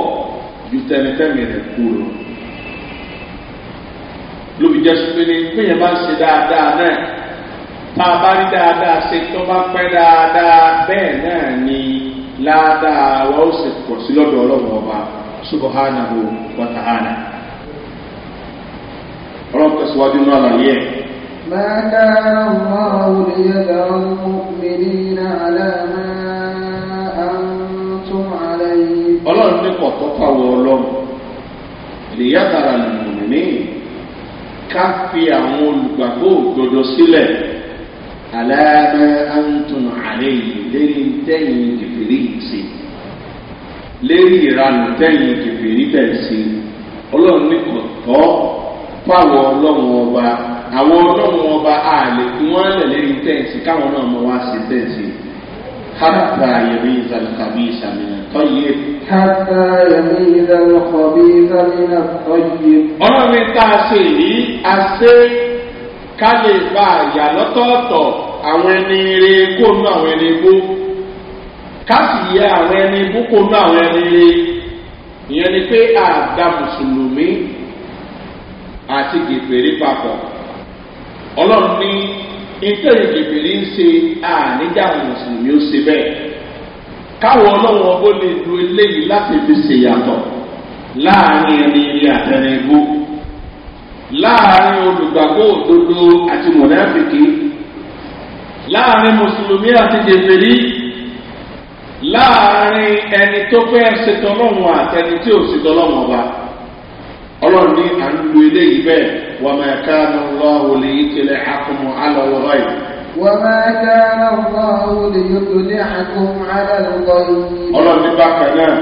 [SPEAKER 2] ju tẹ́mi tẹ́mi rẹ̀ kú lọ lóbi jẹ́ sùpé ní péye máa ń ṣe dáadáa náà tá a bá rí dáadáa ṣe tó bá pẹ́ dáadáa bẹ́ẹ̀ náà ni ládàá wa ó sì pọ̀ sí lọ́dọ̀ ọlọ́run ọba subhanahu wa ta'ala.
[SPEAKER 1] ọlọ́run tẹ̀síwájú náà láyé ما كان الله ليذر المؤمنين على ما أنتم عليه ọlọ́run ní kò
[SPEAKER 2] tọ́ka wọ ọlọ́run ìyàtàrà lùmí ká fi àwọn olùgbàgbọ́ òdodo sílẹ̀
[SPEAKER 1] aláàbẹ̀
[SPEAKER 2] àǹtùn àlẹ́ yìí lẹ́yìn tẹ́yìn ìfìrí ìsìn lérí ìranù tẹ́yìn kìfìrí tẹ̀sí ọlọ́run ní kọ̀tọ́ fáwọn ọlọ́run ọba àwọn ọlọ́run ọba àlè kí wọ́n lè lérí tẹ̀sí káwọn náà mọ wá sí tẹ̀sí. حتى يميز الخبيث من
[SPEAKER 1] الطيب حتى يميز الخبيث من الطيب
[SPEAKER 2] ọ̀rọ̀ mi tá a ṣe yìí a ṣe ká lè bá àyà lọ́tọ̀ọ̀tọ̀ àwọn ẹni rẹ̀ kó nú àwọn ẹni gbó káàsì yẹ àwọn ẹni púpọ̀ ní àwọn ẹni lé ìyẹn ni pé àdá mùsùlùmí àti gèfèrè papọ̀ ọlọ́run ní ìtẹ̀yìn gèfèrè ń ṣe àníjà mùsùlùmí ó ṣe bẹ́ẹ̀ káwọn ọlọ́run ọgbọ́n lè lu eléyìí láti fi ṣèyàtọ̀ láàrin ẹni ilé àtẹnigbó láàrin olùgbàgbọ́ òdodo àti mọ̀nàfìkì láàrin mùsùlùmí àti gèfèrè. láàrin ẹni tó fẹ́ ṣe tọ́lọ́wọ̀n àtẹni tí ò sí tọ́lọ́wọ̀n ọba ọlọ́run ní à eléyìí bẹ́ẹ̀ wọ́n máa ká lọ́wọ́ wòlé yìí kele àkùnmọ̀ alọ́wọ́rọ́ yìí.
[SPEAKER 1] wọ́n máa ká lọ́wọ́ wòlé yìí kele àkùnmọ̀ alọ́wọ́rọ́ yìí. ọlọ́run ní bákan náà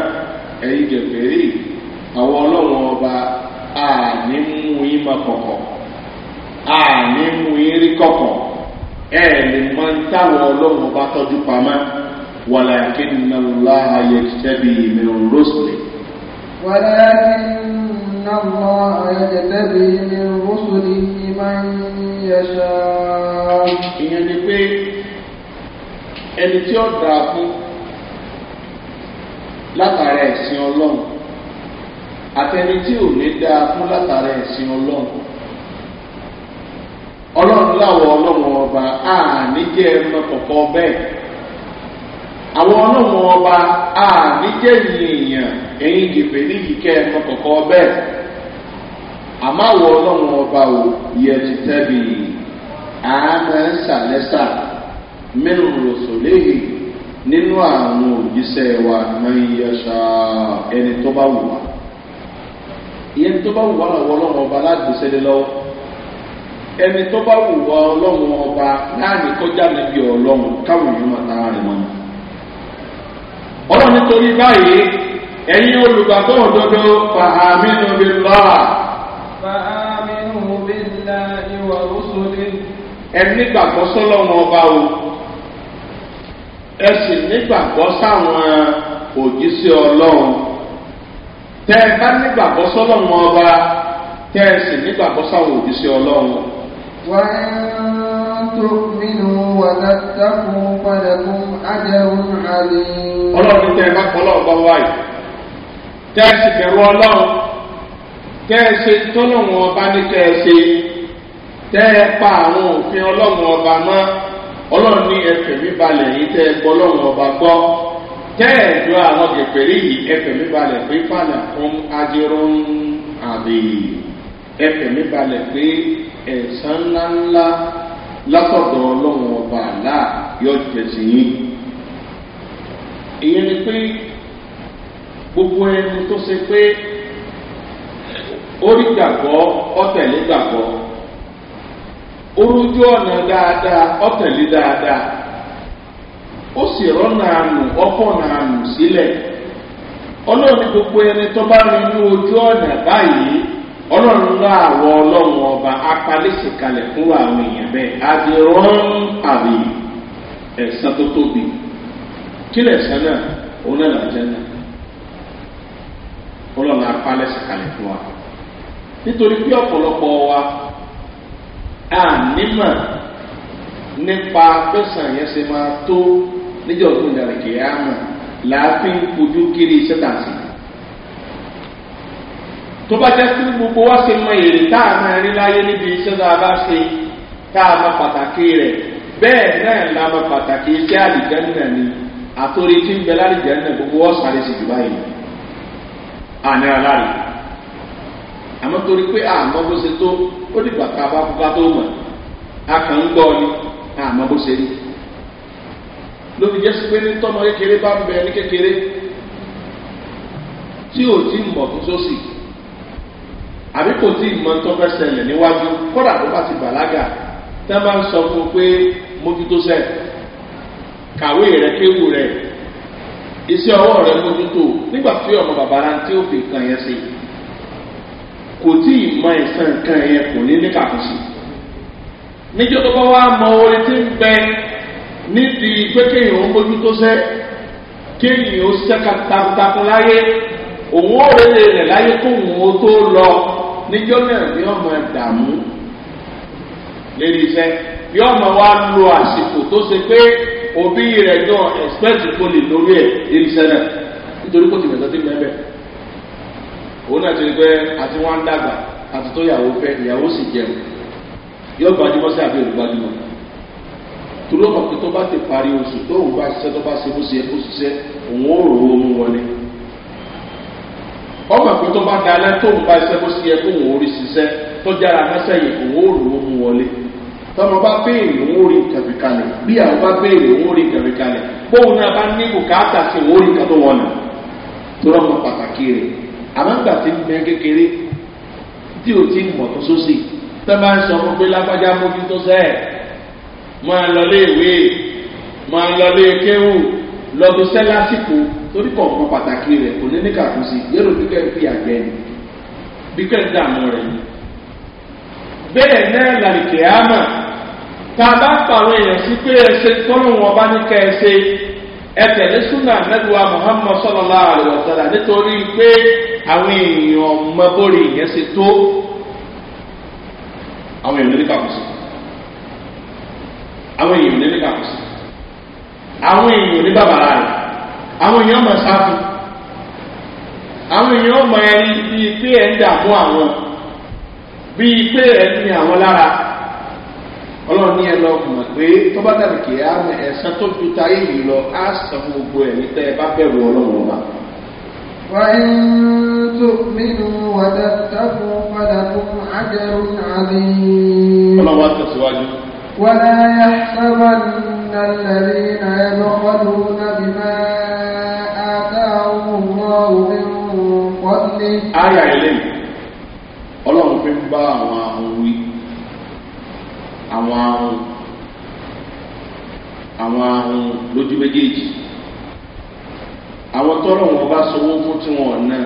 [SPEAKER 2] àwọn ọlọ́run ọba àní mú yín máa kọ̀kọ̀ àní mú yín rí kọ̀kọ̀ ẹ̀ẹ́dì máa ń ọba tọ́jú pamọ́. ولكن الله يجتبي من رسله
[SPEAKER 1] ولكن الله يجتبي من رسله من يشاء ìyẹn ni pé
[SPEAKER 2] ẹni tí ó dáa fún látara ẹ̀sìn ọlọ́run àtẹni tí ò ní dáa fún látara ẹ̀sìn ọlọ́run ọlọ́run láwọ ọlọ́run ọba àníjẹ́ ẹ̀rọ kọ̀ọ̀kan bẹ́ẹ̀
[SPEAKER 3] àwọn ọlọ́run
[SPEAKER 2] ọba àníjẹ́yìn èèyàn ẹ̀yìn gèfè níyì kẹ́ ẹ̀ mọ́ kọ̀kọ́ bẹ́ẹ̀ àmọ́ àwọn ọlọ́run ọba ò yẹ ti tẹ́bi àmọ́ ṣàlẹ́sà mẹ́rin rọ̀sọ̀lẹ́yìn nínú àwọn òjíṣẹ́ wa máa ń yẹṣà ẹni tó bá wù wá ìyẹn tó bá wù wá lọ́wọ́ ọlọ́run ọba lágbèsẹ́lẹ́ lọ́wọ́ ẹni tó bá wù wá ọlọ́run ọba láàrin kọjá níbi ọlọ́run káwọn
[SPEAKER 1] èèyàn máa tara rẹ̀ mọ́ni
[SPEAKER 2] ọlọ́run nítorí báyìí ẹ̀yin olùgbàgbọ́ òdodo fàhámínú bí lọ́
[SPEAKER 1] fàhámínú bí lọ́ ìwà rúṣùlẹ̀.
[SPEAKER 2] ẹ nígbàgbọ́ sọ́lọ́run ọba o ẹ sì nígbàgbọ́ sáwọn òjíṣẹ́ ọlọ́run tẹ ẹ bá nígbàgbọ́ sọ́lọ́run ọba tẹ ẹ sì nígbàgbọ́ sáwọn òjíṣẹ́ ọlọ́run.
[SPEAKER 1] wọ́n tó nínú. وتتقوا فلكم أجر عظيم ọlọ́run tẹ́ ẹ bá kọ́
[SPEAKER 2] ọlọ́run bá wáyé tẹ́ ẹ sì bẹ̀rù ọlọ́run tẹ́ ẹ ṣe tọ́lọ́run ọba ní kẹ́ ẹ ṣe tẹ́ ẹ pa àwọn òfin ọlọ́run ọba mọ́ ọlọ́run ní ẹfẹ̀mí balẹ̀ yìí tẹ́ ẹ gbọ́ ọlọ́run látọ̀dọ̀ ọlọ́run ọba àlá yọ jẹ̀sìn yín. ìyẹn ni pé gbogbo ẹni tó ṣe pé orí gbàgbọ́ ọ̀tẹ̀lé gbàgbọ́ orújú ọ̀nà dáadáa ọ̀tẹ̀lé dáadáa ó sì rọ́nà àánú ọ̀pọ̀nà àánú sílẹ̀ ọlọ́run gbogbo ẹni ọlọ́run lá àwọn ọlọ́run ọba apalẹ́sẹ̀ kalẹ̀ fún àwọn èèyàn bẹ́ẹ̀ adìrọ́n àbí ẹ̀sán tó tóbi kí lẹ̀sán náà òun náà làjẹ́ náà ọlọ́run apalẹ́sẹ̀ kalẹ̀ fún wa nítorí pé ọ̀pọ̀lọpọ̀ wa a nípa fẹsàn yẹn ṣe máa tó níjọ́ òkúndàlẹ̀ kìí àmọ̀ làá fi ń fojú kiri iṣẹ́ tàṣí tó bá jẹ́ sí gbogbo wá sí mọ èrè tá a máa rí láyé níbi iṣẹ́ tá a bá ṣe tá a mọ pàtàkì rẹ̀ bẹ́ẹ̀ náà la mọ pàtàkì iṣẹ́ àlìjẹ́nà ni àtòrí tí ń bẹ lálìjẹ́nà gbogbo wọ́n sáré sí jùlọ yìí àní aláàrí àmọ́ torí pé àmọ́ bó ṣe tó ó dìgbà ká bá kú ká tó mọ̀ a kàn ń gbọ́ ni àmọ́ bó ṣe rí lóbi jẹ́ sí pé ní tọ́mọ kékeré bá ń bẹ ní kékeré tí ò tí ń mọ̀ tó sósì. So àbí kò tí ì mọ tó fẹ́ sẹlẹ̀ níwájú kódà tó bá ti bàlágà tẹ́ bá ń sọ fún un pé mójútó sẹ́ kàwé rẹ kéwù rẹ iṣẹ́ ọwọ́ rẹ mójútó nígbà tí ọmọ bàbára tí ó fi kàn yẹn sí kò tí ì mọ ìsàn kan yẹn kò ní ní kàkúsì níjọ́ tó bá wá mọ orin tí ń bẹ nídìí pé kéèyàn ó mójútó sẹ́ kéèyàn ó ṣẹ́ka takuntakun láyé òun ó rẹ̀ rẹ̀ láyé kóhun ó tó lọ níjọ́ náà ni wọ́n máa dààmú lérí iṣẹ́ yọ ọmọ wa lo àsìkò tó ṣe pé òbí rẹ̀ náà ẹ̀sìpẹ́sì kò lè lórí ẹ̀ lérí iṣẹ́ náà nítorí kò tìmọ̀ sọ́tì mẹ́bẹ̀ òun náà ti rí pé àti wọn ń dàgbà àti tó yàwó fẹ́ ìyàwó sì jẹun yóò gbajúmọ́ sí àbí olùgbàdúmọ̀ tùlọ́mọ̀ pé tó bá ti parí oṣù tó òun bá ṣiṣẹ́ tó bá ṣe bó ṣe é kó ṣiṣẹ́ òun ó rò ó mú wọlé ọmọ pé tó bá da alẹ́ tó ń bá iṣẹ́ bó ṣe yẹ kó òun orí ṣiṣẹ́ tó jára mẹ́sẹ̀ yìí òun ò lòó mú wọlé tọmọ bá béèrè òun orí kẹfì kalẹ̀ bí àwọn bá béèrè òun orí kẹfì kalẹ̀ bóun náà bá ní bùkátà sí òun orí kẹtó wọn nà tó rọmọ pàtàkì rẹ àmọ́ nígbà ń bẹ kékeré tí o ti mọ̀ tó sósì tẹ́ lọ́dún sẹ́ lásìkò torí kọ̀ọ̀kan pàtàkì rẹ̀ kò ní ní kàkúsí lérò bí kẹ́ fi àgbẹ̀ ni bí kẹ́ dààmú rẹ̀ ni. bẹ́ẹ̀ náà làlìkè ámà tá a bá pàrọ̀ èèyàn sí pé ẹsẹ̀ tọ́lù wọn bá ní kẹ́ ẹ ṣe ẹ tẹ̀lé súnà mẹ́tùwá muhammed sọlọ́lá àlùwọ̀sálà nítorí pé àwọn èèyàn mọ́bórì yẹn ṣe tó àwọn èèyàn ní kàkúsí àwọn èèyàn ní kàkúsí. àwọn èèyàn ní bàbá rẹ̀ àwọn èèyàn mọ̀ sáfù àwọn èèyàn ọmọ ẹni bíi pé ẹ ń dààmú àwọn bíi pé ẹ̀ ń ní àwọn lára ọlọ́run ní ẹ lọ mọ̀ pé bá dàbí tó fi ta yìí lọ á sàn gbogbo níta ẹ bá ọba.
[SPEAKER 1] ولا يحسبن الذين يبخلون بما آتاهم الله من فضله آية إليه ọlọ́run fi ń bá àwọn ahun wí
[SPEAKER 2] àwọn ahun àwọn ahun lójú méjèèjì àwọn tọrọ wọn bá fún tiwọn náà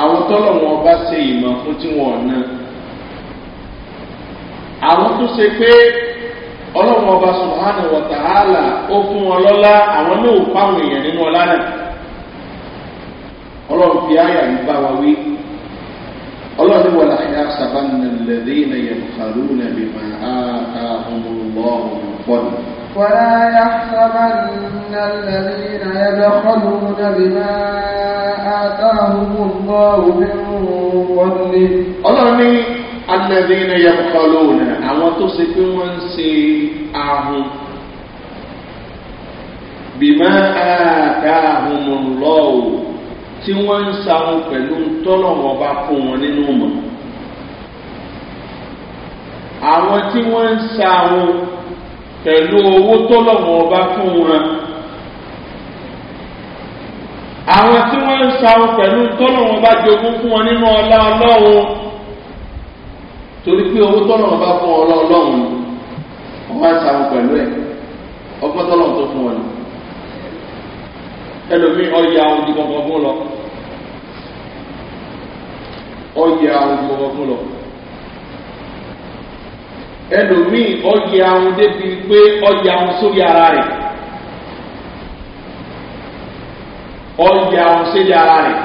[SPEAKER 2] àwọn wọn fún tiwọn àwọn tó ṣe pé ọlọ́run ọba sùhánù wọ̀tàhálà ó fún wọn lọ́lá àwọn náà ò fáwọn èèyàn nínú ọlá náà ọlọ́run fi àyà yìí bá wa wí ọlọ́run wọ̀lá
[SPEAKER 1] àyà sàbánà lẹ́dínà yẹ̀bùkàrúnà bí màá àhùnmùlọ́ọ̀rùn fọ́nù. ولا يحسبن الذين يبخلون بما آتاهم الله من
[SPEAKER 2] فضله alẹ́dínlẹ́ yẹ kọ́ lónìí àwọn tó ṣe pé wọ́n ń ṣe ahun bìmá àdáhùnmọ̀lọ́wọ́ tí wọ́n ń sahun pẹ̀lú tọ́lọ̀wọ́ bá fún wọn nínú mọ̀ àwọn tí wọ́n ń sahun pẹ̀lú owó tọ́lọ̀wọ́ bá fún wọn àwọn tí wọ́n ń sahun pẹ̀lú tọ́lọ̀wọ́ bá jogún fún wọn nínú ọlá ọlọ́run torí pé owó tọ́nà bá fún ọ lọ́ọ̀lọ́hún ọba sàmù pẹ̀lú ẹ̀ ọgbọ́n tọ́nà tó fún ọ ni ẹlòmíì ọ̀yà ohun ti fún lọ ọ̀yà ohun ti fún lọ ẹlòmíì ọ̀yà ohun débi pé ọ̀yà ohun sórí ara rẹ̀ ọ̀yà ohun sórí ara rẹ̀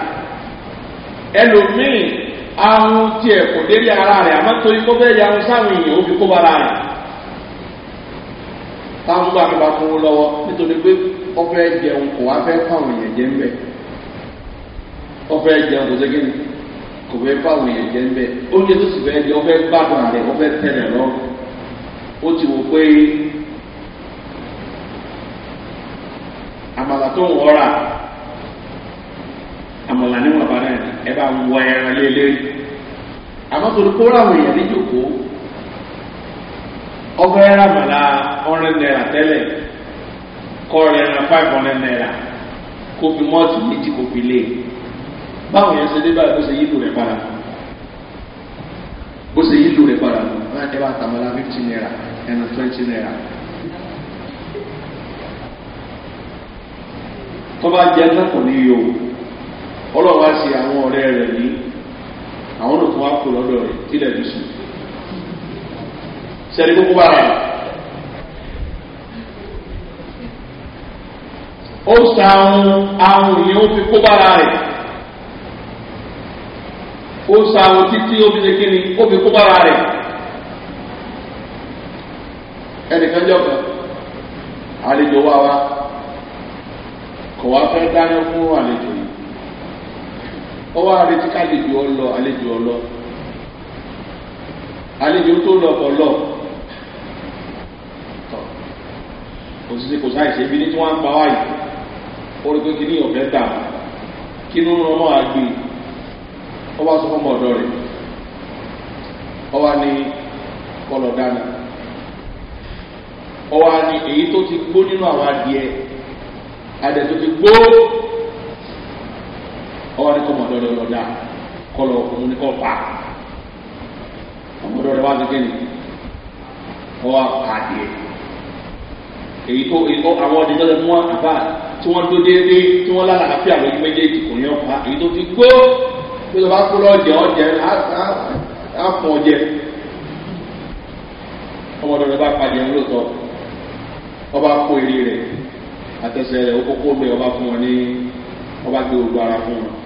[SPEAKER 2] ẹlòmíì. ahun tiẹ̀ kò dérí ara rẹ̀ àmọ́ torí kó fẹ́ yahun sáwọn èèyàn ó fi kó bara rẹ̀ táwọn gbà tó bá fún un lọ́wọ́ nítorí pé jẹun kò wá fẹ́ fáwọn èèyàn jẹun kò sẹ́gi ni kò fẹ́ fáwọn èèyàn oúnjẹ tó sì fẹ́ jẹ tẹ̀lẹ̀ lọ ó ti wò pé àmọ̀là níwọ̀n bá náà ẹ bá wọ ẹran lélẹ̀ àmọ́ tó kó ráwọn èèyàn níjòkó ọgbẹ́ ẹran mọ̀lá ọ̀rẹ́ náírà tẹ́lẹ̀ kọ́ ẹran five hundred naira kó fi mọ́ọ̀tì méjì kó fi lé báwọn yẹn ṣe dé báyìí bó ṣe yílù rẹ̀ padà bó ṣe yílù rẹ̀ padà ẹ bá tàmọ́lá fifteen naira ẹran twenty naira. tọ́ba jẹ́ náà kò ní yòó ọlọ́run wá sí àwọn ọ̀rẹ́ rẹ̀ ní àwọn òkú wá kó lọ́dọ̀ rẹ̀ tílẹ̀ bí sùn sẹ́ni kókó bá rà ó sa àwọn àwọn yẹn ó fi kó bára rẹ̀ ó sa àwọn títí ó fi ṣe kíni ó fi kó bára rẹ̀ ẹnìkan jọ kan àlejò wá wá kò wá fẹ́ dáná fún àlejò ọwọ́ àrètí kálejò ọlọ àlejò ọlọ àlejò tó lọ ọlọ kò sí ṣe kò sáì ṣe ibi ní tí wọ́n ń pa wáyé orí pé kí ní ọ̀fẹ́ gbà kí ní wọn máa gbé ọwọ́ sọ fún ọmọ ọ̀dọ́ rẹ̀ ọwọ́ ni kọlọ̀ dáná ọwọ́ ni èyí tó ti gbó nínú àwọn adìẹ adìẹ tó ti gbó ọwọ́ ní kọ́mọ ọ̀dọ́ rẹ̀ lọ́dà kọ́lọ̀ òun ní kọ́ pa ọmọ ọ̀dọ́ rẹ̀ wá sí kéde ọwọ́ àpàdé èyí tó àwọn ọdẹ tó lè mú àbá tí wọ́n tó déédéé tí wọ́n lára àfi àwọn ẹgbẹ́ méjèèjì kò ní ọ̀pá èyí tó ti gbó tó lọ bá kó lọ́jẹ ọ̀jẹ á fún ọ̀jẹ ọmọ ọ̀dọ́ rẹ̀ bá pàdé ẹ̀ lóòótọ́ ọba kó eré rẹ̀ àtẹ̀sẹ̀ rẹ̀ ó kókó lé ọba fún wọn ní ọba gbé gbogbo ara fún wọn.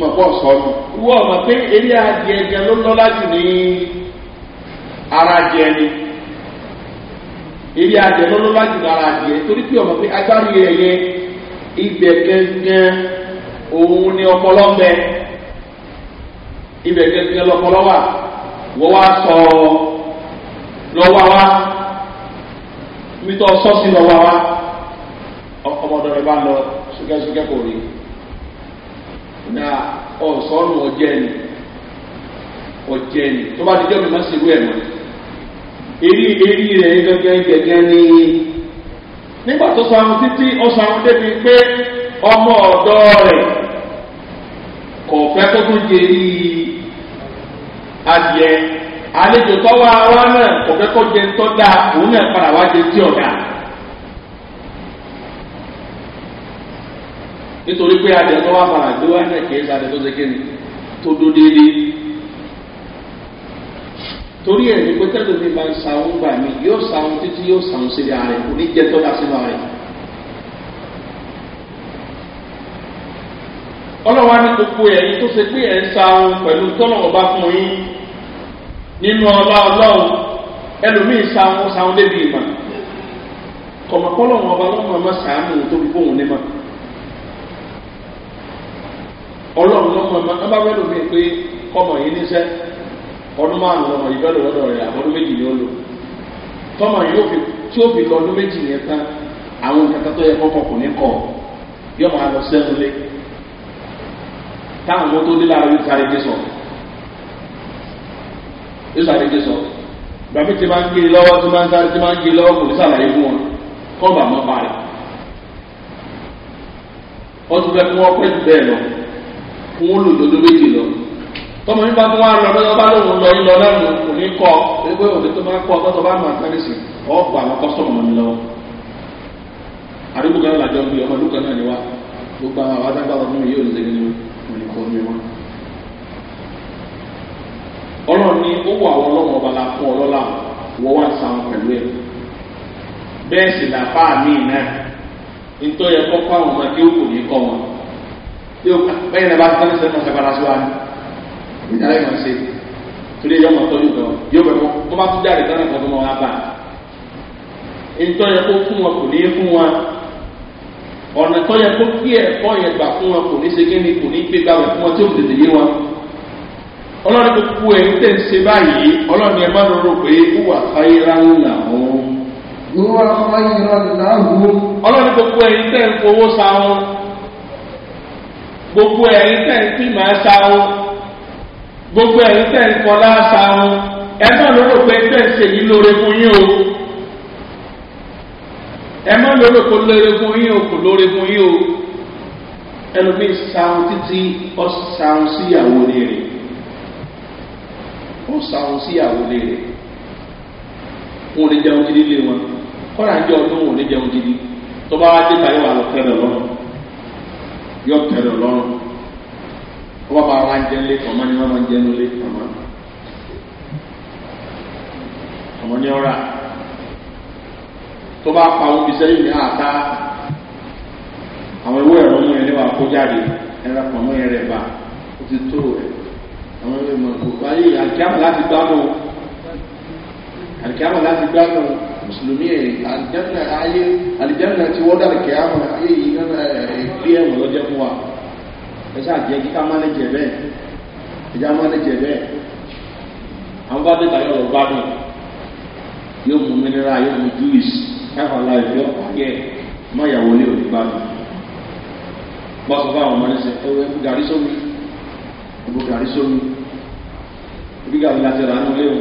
[SPEAKER 2] mọ̀ pọ̀ sọ́nù. wọ́n mọ̀ pé eré adìẹ gan ló lọ́lá jù ní ara adìẹ ni eré adìẹ ló lọ́lá jù ní ara adìẹ torí pé ọmọ pé agbárí ẹ̀yẹ ibẹ̀ gẹ́gẹ́ òun ni ọpọlọ bẹ ibẹ̀ gẹ́gẹ́ lọpọlọ wà wọ́n wá sọ lọ́wọ́ wa mi tọ́ sọ́ọ̀sì lọ́wọ́ wa ọmọdé rẹ̀ bá lọ ṣúgẹ́ṣúgẹ́ kò rí na ọ̀sọ́nù ọ̀jẹ́ ni ọ̀jẹ́ ni tó bá ti jẹ́ mi má ṣe wú rẹ̀ nígbà tó sọ àwọn títí ọsọ àwọn débi pé ọmọ rẹ̀ kò jẹ adìẹ alejò tó wá náà kò jẹ dáa òun nítorí pé adìẹ tó wà fara gbé wá náà kìí sadìẹ tó ṣe kéde tó dó déédéé torí ẹ̀ ní pé tẹ́lẹ̀ mi máa ń sa ohun gbà mí yóò sa ohun títí yóò sa ohun síbi ààrẹ kò ní jẹ́ tọ́ka sínú ààrẹ. ọlọ́wà ní gbogbo ẹ̀yin tó ṣe pé ẹ̀ ń sa ohun pẹ̀lú tọ́lọ̀wọ́ bá fún yín nínú ọlá ọlọ́run ẹlòmíì sa ohun débi ìmọ̀ kọ̀mọ̀kọ́lọ́wọ́ ọba lọ́mọ ọmọ sàánù tó fi fóun ní mọ̀ ọlọ́run lọ́mọ ẹ bá wẹ́lò mí pé kọ́mọ yìí níṣẹ́ ọdún márùn-ún lọ́mọ yìí bẹ́ẹ̀ lọ́dọ̀ rẹ̀ ọdún méjì ni ó lò tọ́mọ yìí tí ó fi lọ ọdún méjì yẹn tán àwọn nǹkan tó yẹ kọ́kọ́ kò ní kọ́ yọ máa lọ sẹ́nu lé táwọn mọ́tò dé láàrin sáré dé sọ yóò sáré dé sọ gbàmí tí máa ń gbé e lọ́wọ́ tí máa ń sáré tí máa ń gbé e lọ́wọ́ kò ní sàlàyé fún wọn kọ́ bàmọ́ bá rẹ̀ wọ́n tún fẹ́ kí wọ́n pẹ́ jù bẹ́ẹ̀ lọ. fún olùdodo méjì lọ tọmọ yín bá wá lọ bá lóun lọ yín lọ lẹ́nu kò ní kọ́ ẹgbẹ́ òde tó bá kọ́ tọ́tọ́ bá máa sáré sí ọ̀pọ̀ àwọn kọ́sọ̀mù mi lọ́wọ́ àdúgbò kan làjọ bí ọmọ ìlú kan ni wá gbogbo àwọn àwọn la ọlọ́lá wọ́n wá sáwọn pẹ̀lú ẹ̀ bẹ́ẹ̀ sì làpá mi náà tí o bẹ́yìn náà bá ti tẹ́lẹ̀ sẹ́nu ọ̀sẹ̀ padà sí wa ni ìdá lẹ́yìn ọ̀sẹ̀ torí yọmọ tọ́jú gan yóò bẹ̀ fún tó bá tún jáde tẹ́lẹ̀ kan tó mọ wọn bá ìtọ́yẹ kó fún wọn kò ní í fún wọn ọ̀nà tọ́yẹ kó kí ẹ̀kọ́ yẹn gbà fún wọn kò ní ṣe kí ni kò ní gbé gbàgbẹ́ fún wọn tí ó tètè yé wọn ọlọ́run gbogbo ẹ̀ ń tẹ̀ ṣe báyìí ọlọ́run ẹ̀ má lóró pé wúwà fáyérá ń là wúwà fáyérá ń là wọn. ọlọ́run gbogbo ẹ̀ ń tẹ̀ fowó sa wọn gbogbo ẹ̀yin tẹ̀sí máa sáwọn gbogbo ẹ̀yin tẹ̀sí kọlá sáwọn ẹ má ló rò pé tẹ̀sí yìí lóore fún yín o ẹ má ló rò pé lóore fún yín o kò lóore fún yín o ẹlòmíì sáwọn títí ọ sáwọn síyàwó lè rè ó sáwọn síyàwó lè rè wọn ò lè jẹun gidi lé wọn kọ́ra ń jẹ ọdún wọn ò lè jẹun gidi tó bá wá dé báyìí wà lọ fẹ́rẹ̀ lọ́nà yọ tẹ̀lé ọlọ́run wọ́n bá wa jẹ́ lé ọmọ ni wọ́n máa jẹ́ lé ọmọ ọmọ ni ọ̀rà tó bá pa àwọn ibiṣẹ́ yìí ní àtá àwọn ewé ẹ̀rọ mú yẹn níwà kó jáde ẹ̀rọ pọ̀nmọ́ yẹn rẹ̀ bá ó ti tó rẹ̀
[SPEAKER 1] àwọn ewé mọ̀ kó báyìí àkíyàmọ̀ láti gbádùn
[SPEAKER 2] àkíyàmọ̀ láti gbádùn mùsùlùmí ẹ̀ àjẹ́mìnà ayé àjẹ́mìnà tí wọ́n dàrí kẹ́hàmù ayé yìí náà ẹ̀gbé ẹ̀wọ̀n lọ́jẹ́ fún wa ẹ ṣáà jẹ́ kíkà mánẹ́jẹ̀ bẹ́ẹ̀ ẹ̀já mánẹ́jẹ̀ bẹ́ẹ̀ àwọn bá dé báyọ̀ lọ gbádùn yóò mú mineral yóò mú juice káfà láì fi ọ̀pá yẹ má yàwó lé òní gbádùn bá sọ fún àwọn ọmọ ẹsẹ ẹ wọ gàrí sómi ẹ bọ gàrí sómi ẹ gàrí láti rà á nílé o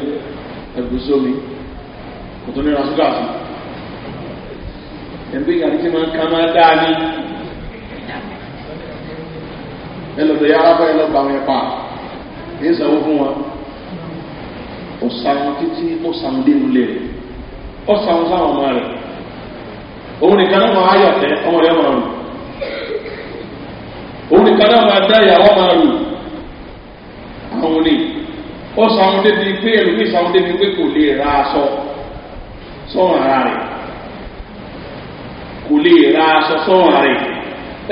[SPEAKER 2] ẹ bọ sómi kò tó nira ṣúgà fún ẹgbẹ́ ìyá tí
[SPEAKER 3] máa ń ká máa dáa ní
[SPEAKER 2] ẹlòmíràn yàrá bá ẹlọ́gbà wọn pa ní ìsanwó fún wọn ọ̀sán títí ọ̀sán dénú lé rẹ̀ ọ̀sán sáwọn ọmọ rẹ̀ òun nìkan náà máa yọ̀ tẹ́ ọmọ rẹ̀ máa rù òun nìkan náà máa dá ìyàwó máa rù àwọn ni ọ̀sán débi pé ẹlòmíràn sáwọn débi pé kò lè ra aṣọ sọ́wọ́n ara rẹ̀ kò lè ra aṣọ sọ́wọ́n rẹ̀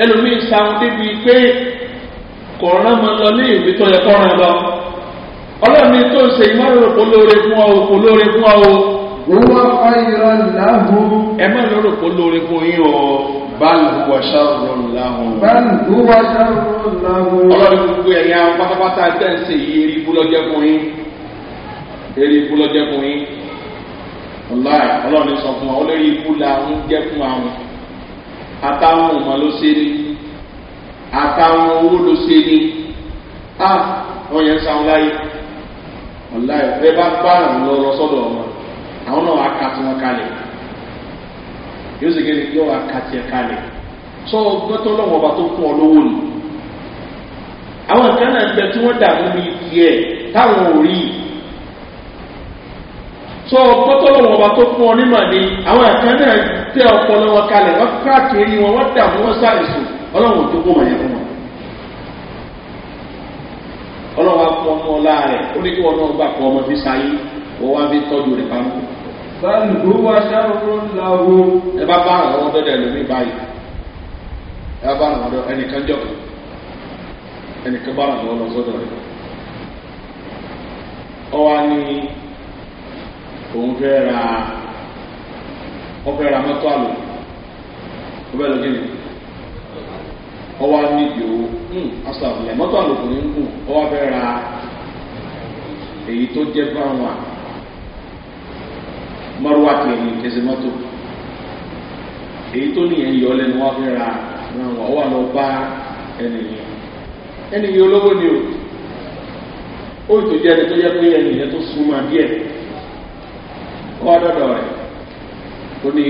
[SPEAKER 2] ẹlòmíín sáwọn débi pé kọ̀ọ̀rán máa lọ ní ìwé tó yẹ kọ́ran lọ ọlọ́ọ̀ni tó ń ṣe ìmọ̀ràn polóore fún ọ polóore fún ọ. owó afá ìran làwọn. ẹ má lọ rò polóore fún yín o. báàlù wà ṣàrùn làwọn. báàlù wà ṣàrùn làwọn. ọlọ́ọ̀ni gbogbo ẹ̀yà pátápátá tẹ̀ ń ṣe yìí lọ́jẹ́ fún yín eré lọ́jẹ́ fún yín ọláì ọlọ́run sọ fún wa olórí ikú la ń jẹ́ fún àwọn àtàwọn ọmọ ló ṣe ni àtàwọn owó ló ṣe ni á ah, wọ́n yẹn ń sáwọn láyé ọláì ẹ bá bá àwọn lọ lọ sọ́dọ̀ ọmọ àwọn náà wà á ka tí wọ́n kalẹ̀ yóò sì gé yóò wà á ka tiẹ̀ kalẹ̀ sọ gbọ́tọ́ lọ́wọ́ ọba tó fún ọ lówó ni àwọn kan náà ń bẹ tí wọ́n dààmú bíi tiẹ̀ táwọn ò rí i. sọ ọgbọ́tọ́lọ̀ wọn bá tó fún ọ nímọ̀ ni àwọn ẹ̀kan náà tẹ ọpọlọ wọn kalẹ̀ wọn káàkiri wọn wọn dààmú wọn sáàìsùn ọlọ́run tó kó wọn fún wọn. ọmọ rẹ̀ ó ní kí wọn náà gbà ọmọ fi sáyé wá fi báyìí ló òun fẹ́ ra ọfẹ́ ra mọ́tò àlò ọfẹ́ lọ gẹ́gẹ́ ọwọ́ nídìí owó hmm, aṣọ àbúlẹ̀ mọ́tò àlò kò ní ń kù ọwọ́ fẹ́ ra èyí tó jẹ́ báwọn à mọ́rúwá kẹsẹ̀ mọ́tò èyí tó nìyẹn yọ lẹ́nu wọ́n fẹ́ ra ọwọ́ bá ẹnìyẹn ẹnìyẹn olówó ni o ó tó ẹni tó yẹ ẹnìyẹn tó súnmọ́ kọ́ dọ́dọ̀ rẹ̀ ó ní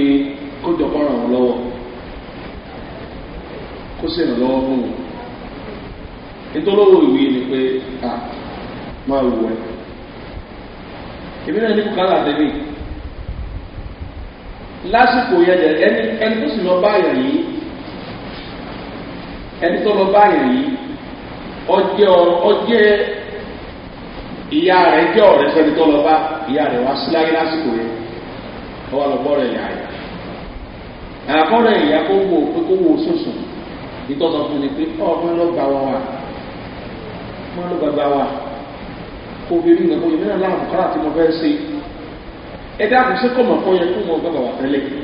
[SPEAKER 2] kó jọ kọ́ ràn wọ́n lọ́wọ́ kó sì ràn lọ́wọ́ fún wọn nítorówó ìwé ni pé à máa wù ẹ́ èmi náà ní bùkálà tẹ́lẹ̀ lásìkò yẹn ẹni ẹni tó sì lọ báyọ̀ yìí ẹni tó lọ báyọ̀ yìí ọjẹ́ ọjẹ́. ìyá rẹ̀ jẹ́ ọ̀rẹ́ sẹ́ni tó lọ bá ìyá rẹ̀ wá sí láyé lásìkò yẹn wà lọ́gbọ́ rẹ̀ ìyá rẹ̀ àkọ́rẹ́ ìyá kó wo pé kó wo ọ máa lọ gbà wá wà máa lọ wà kó fi rí nǹkan fẹ́ ṣe ẹ dáàbò kó tẹ́lẹ̀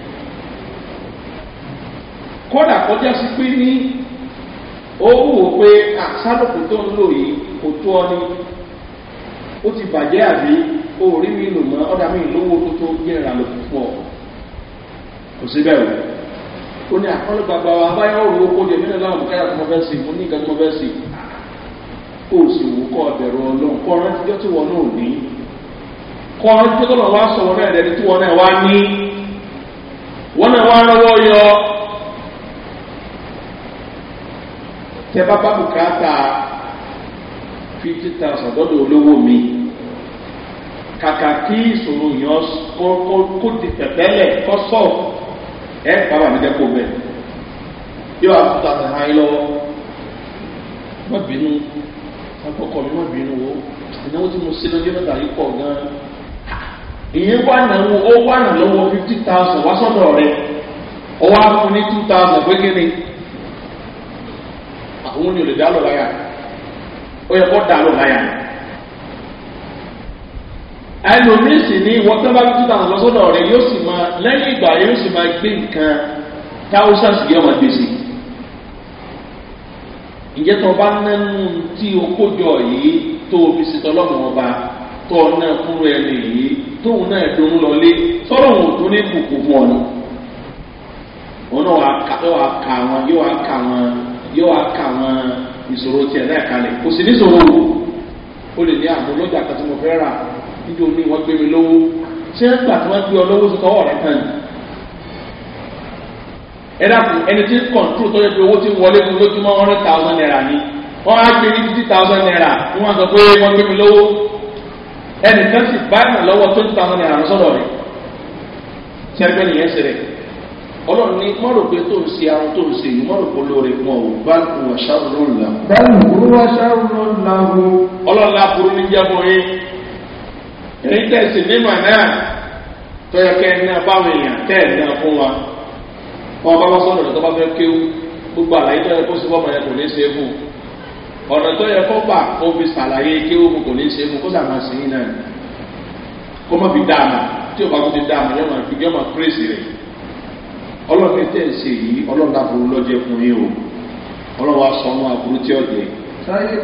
[SPEAKER 2] kọ́dà kọjá sí pé ní pé àṣàlùkù tó ń lò yìí ó ti bàjẹ́ àbí ó rí mi lò mọ́ ọ̀dà mi lówó tó tó gbéra lọ púpọ̀ kò sí bẹ́ẹ̀ o ó ní àkọlù bàbá wa báyọ̀ òru ó lè nínú láwọn tó sí mo ní tó sí kó o sì wò kọ́ ọ̀bẹ̀rù ọlọ́run kọ́ ọ̀rán tíjọ́ tí wọn náà ní kọ́ fifty thousand lọ́dọ̀ olówó mi kàkà kí ìṣòro yẹn kó di tẹ̀tẹ́lẹ̀ kọ́ sọ̀ ẹ̀ bàbá mi dẹ́kọ̀ bẹ́ẹ̀ yóò wá fún tàbí hàn yín lọ́wọ́ má bínú akọkọ mi má bínú o ìnáwó tí mo ṣe lọ́jọ́ pọ̀ gan-an ìyẹn wà ó wà náà lọ́wọ́ fifty thousand wá sọ́dọ̀ ọwọ́ á fún ní two thousand pé kí ni àwọn dá lọ́la yàrá. ó yẹ kó dàrú láyà ẹlòmíín sì ní ìwọ tó bá fi títà àwọn lọ́sọ̀dọ̀ rẹ yóò sì máa lẹ́yìn ìgbà yóò sì máa gbé nǹkan táwùsà sì yẹ wọn gbèsè ìjẹ́ tó bá nánú tí o kó jọ yìí tó o fi ṣètò ọlọ́run ọba tó o náà kúrò ẹni yìí tóun náà dùn lọlé sọ́dọ̀ òun tó ní kùkù fún ọ̀nà òun náà yóò wá wọn yóò wá ka wọn yóò wá ka wọn ìṣòro tiẹ̀ náà kalẹ̀ kò sì níṣòro o lè ní àgbo lọ́jà kan tí mo fẹ́ rà níbi omi wọ́n gbé mi lówó ṣé nígbà tí wọ́n gbé ọ lówó tó tọwọ́ rẹ kan yìí. ẹ dàpọ̀ ẹni tí kọ̀ǹtù tó yẹ pé owó ti wọlé fún lójúmọ́ one hundred thousand naira ni wọ́n á gbé ní fifty thousand naira ni wọ́n sọ pé wọ́n gbé mi lówó ẹnìkan sì bá ìrànlọ́wọ́ twenty thousand naira lọ́sọ̀rọ̀ rẹ̀ ṣẹ́gbẹ́ nìyẹn ṣe rẹ̀ ọlọ́run ní mọ́rò pé tó ń se àrùn tó ń se yìí mọ́rò pé olóore mọ́ ò bá kú aṣáàrùn ńlá. bẹ́ẹ̀ni kú
[SPEAKER 1] aṣáàrùn ńlá wo. ọlọ́run
[SPEAKER 3] láburú
[SPEAKER 2] ní jẹ́mọ̀ yín èyí tẹ̀sí nímọ̀ náà tọ́yọ̀ kẹ́ ẹ̀ náà báwọn èèyàn tẹ́ ẹ̀ náà fún wa. wọn bá wá sọ̀rọ̀ tó bá fẹ́ kéwú gbogbo àlàyé tó yẹ kó síbọ̀ mọ̀ yẹn kò ní í ṣe fún ọ̀nà tó yẹ kó gbà fi ṣàlàyé kéwú kò ní í ṣe fún kó sàmásìn náà kó má fi dáàmà tí ò bá tó ti dáàmà yọ ọlọ́run tẹ̀ ń ṣe yìí ọlọ́run dàbòrò lọ́jẹ́ fún yín o ọlọ́run wa sọ ọmọ àbúrú tí ọ̀jẹ̀. ọlọ́run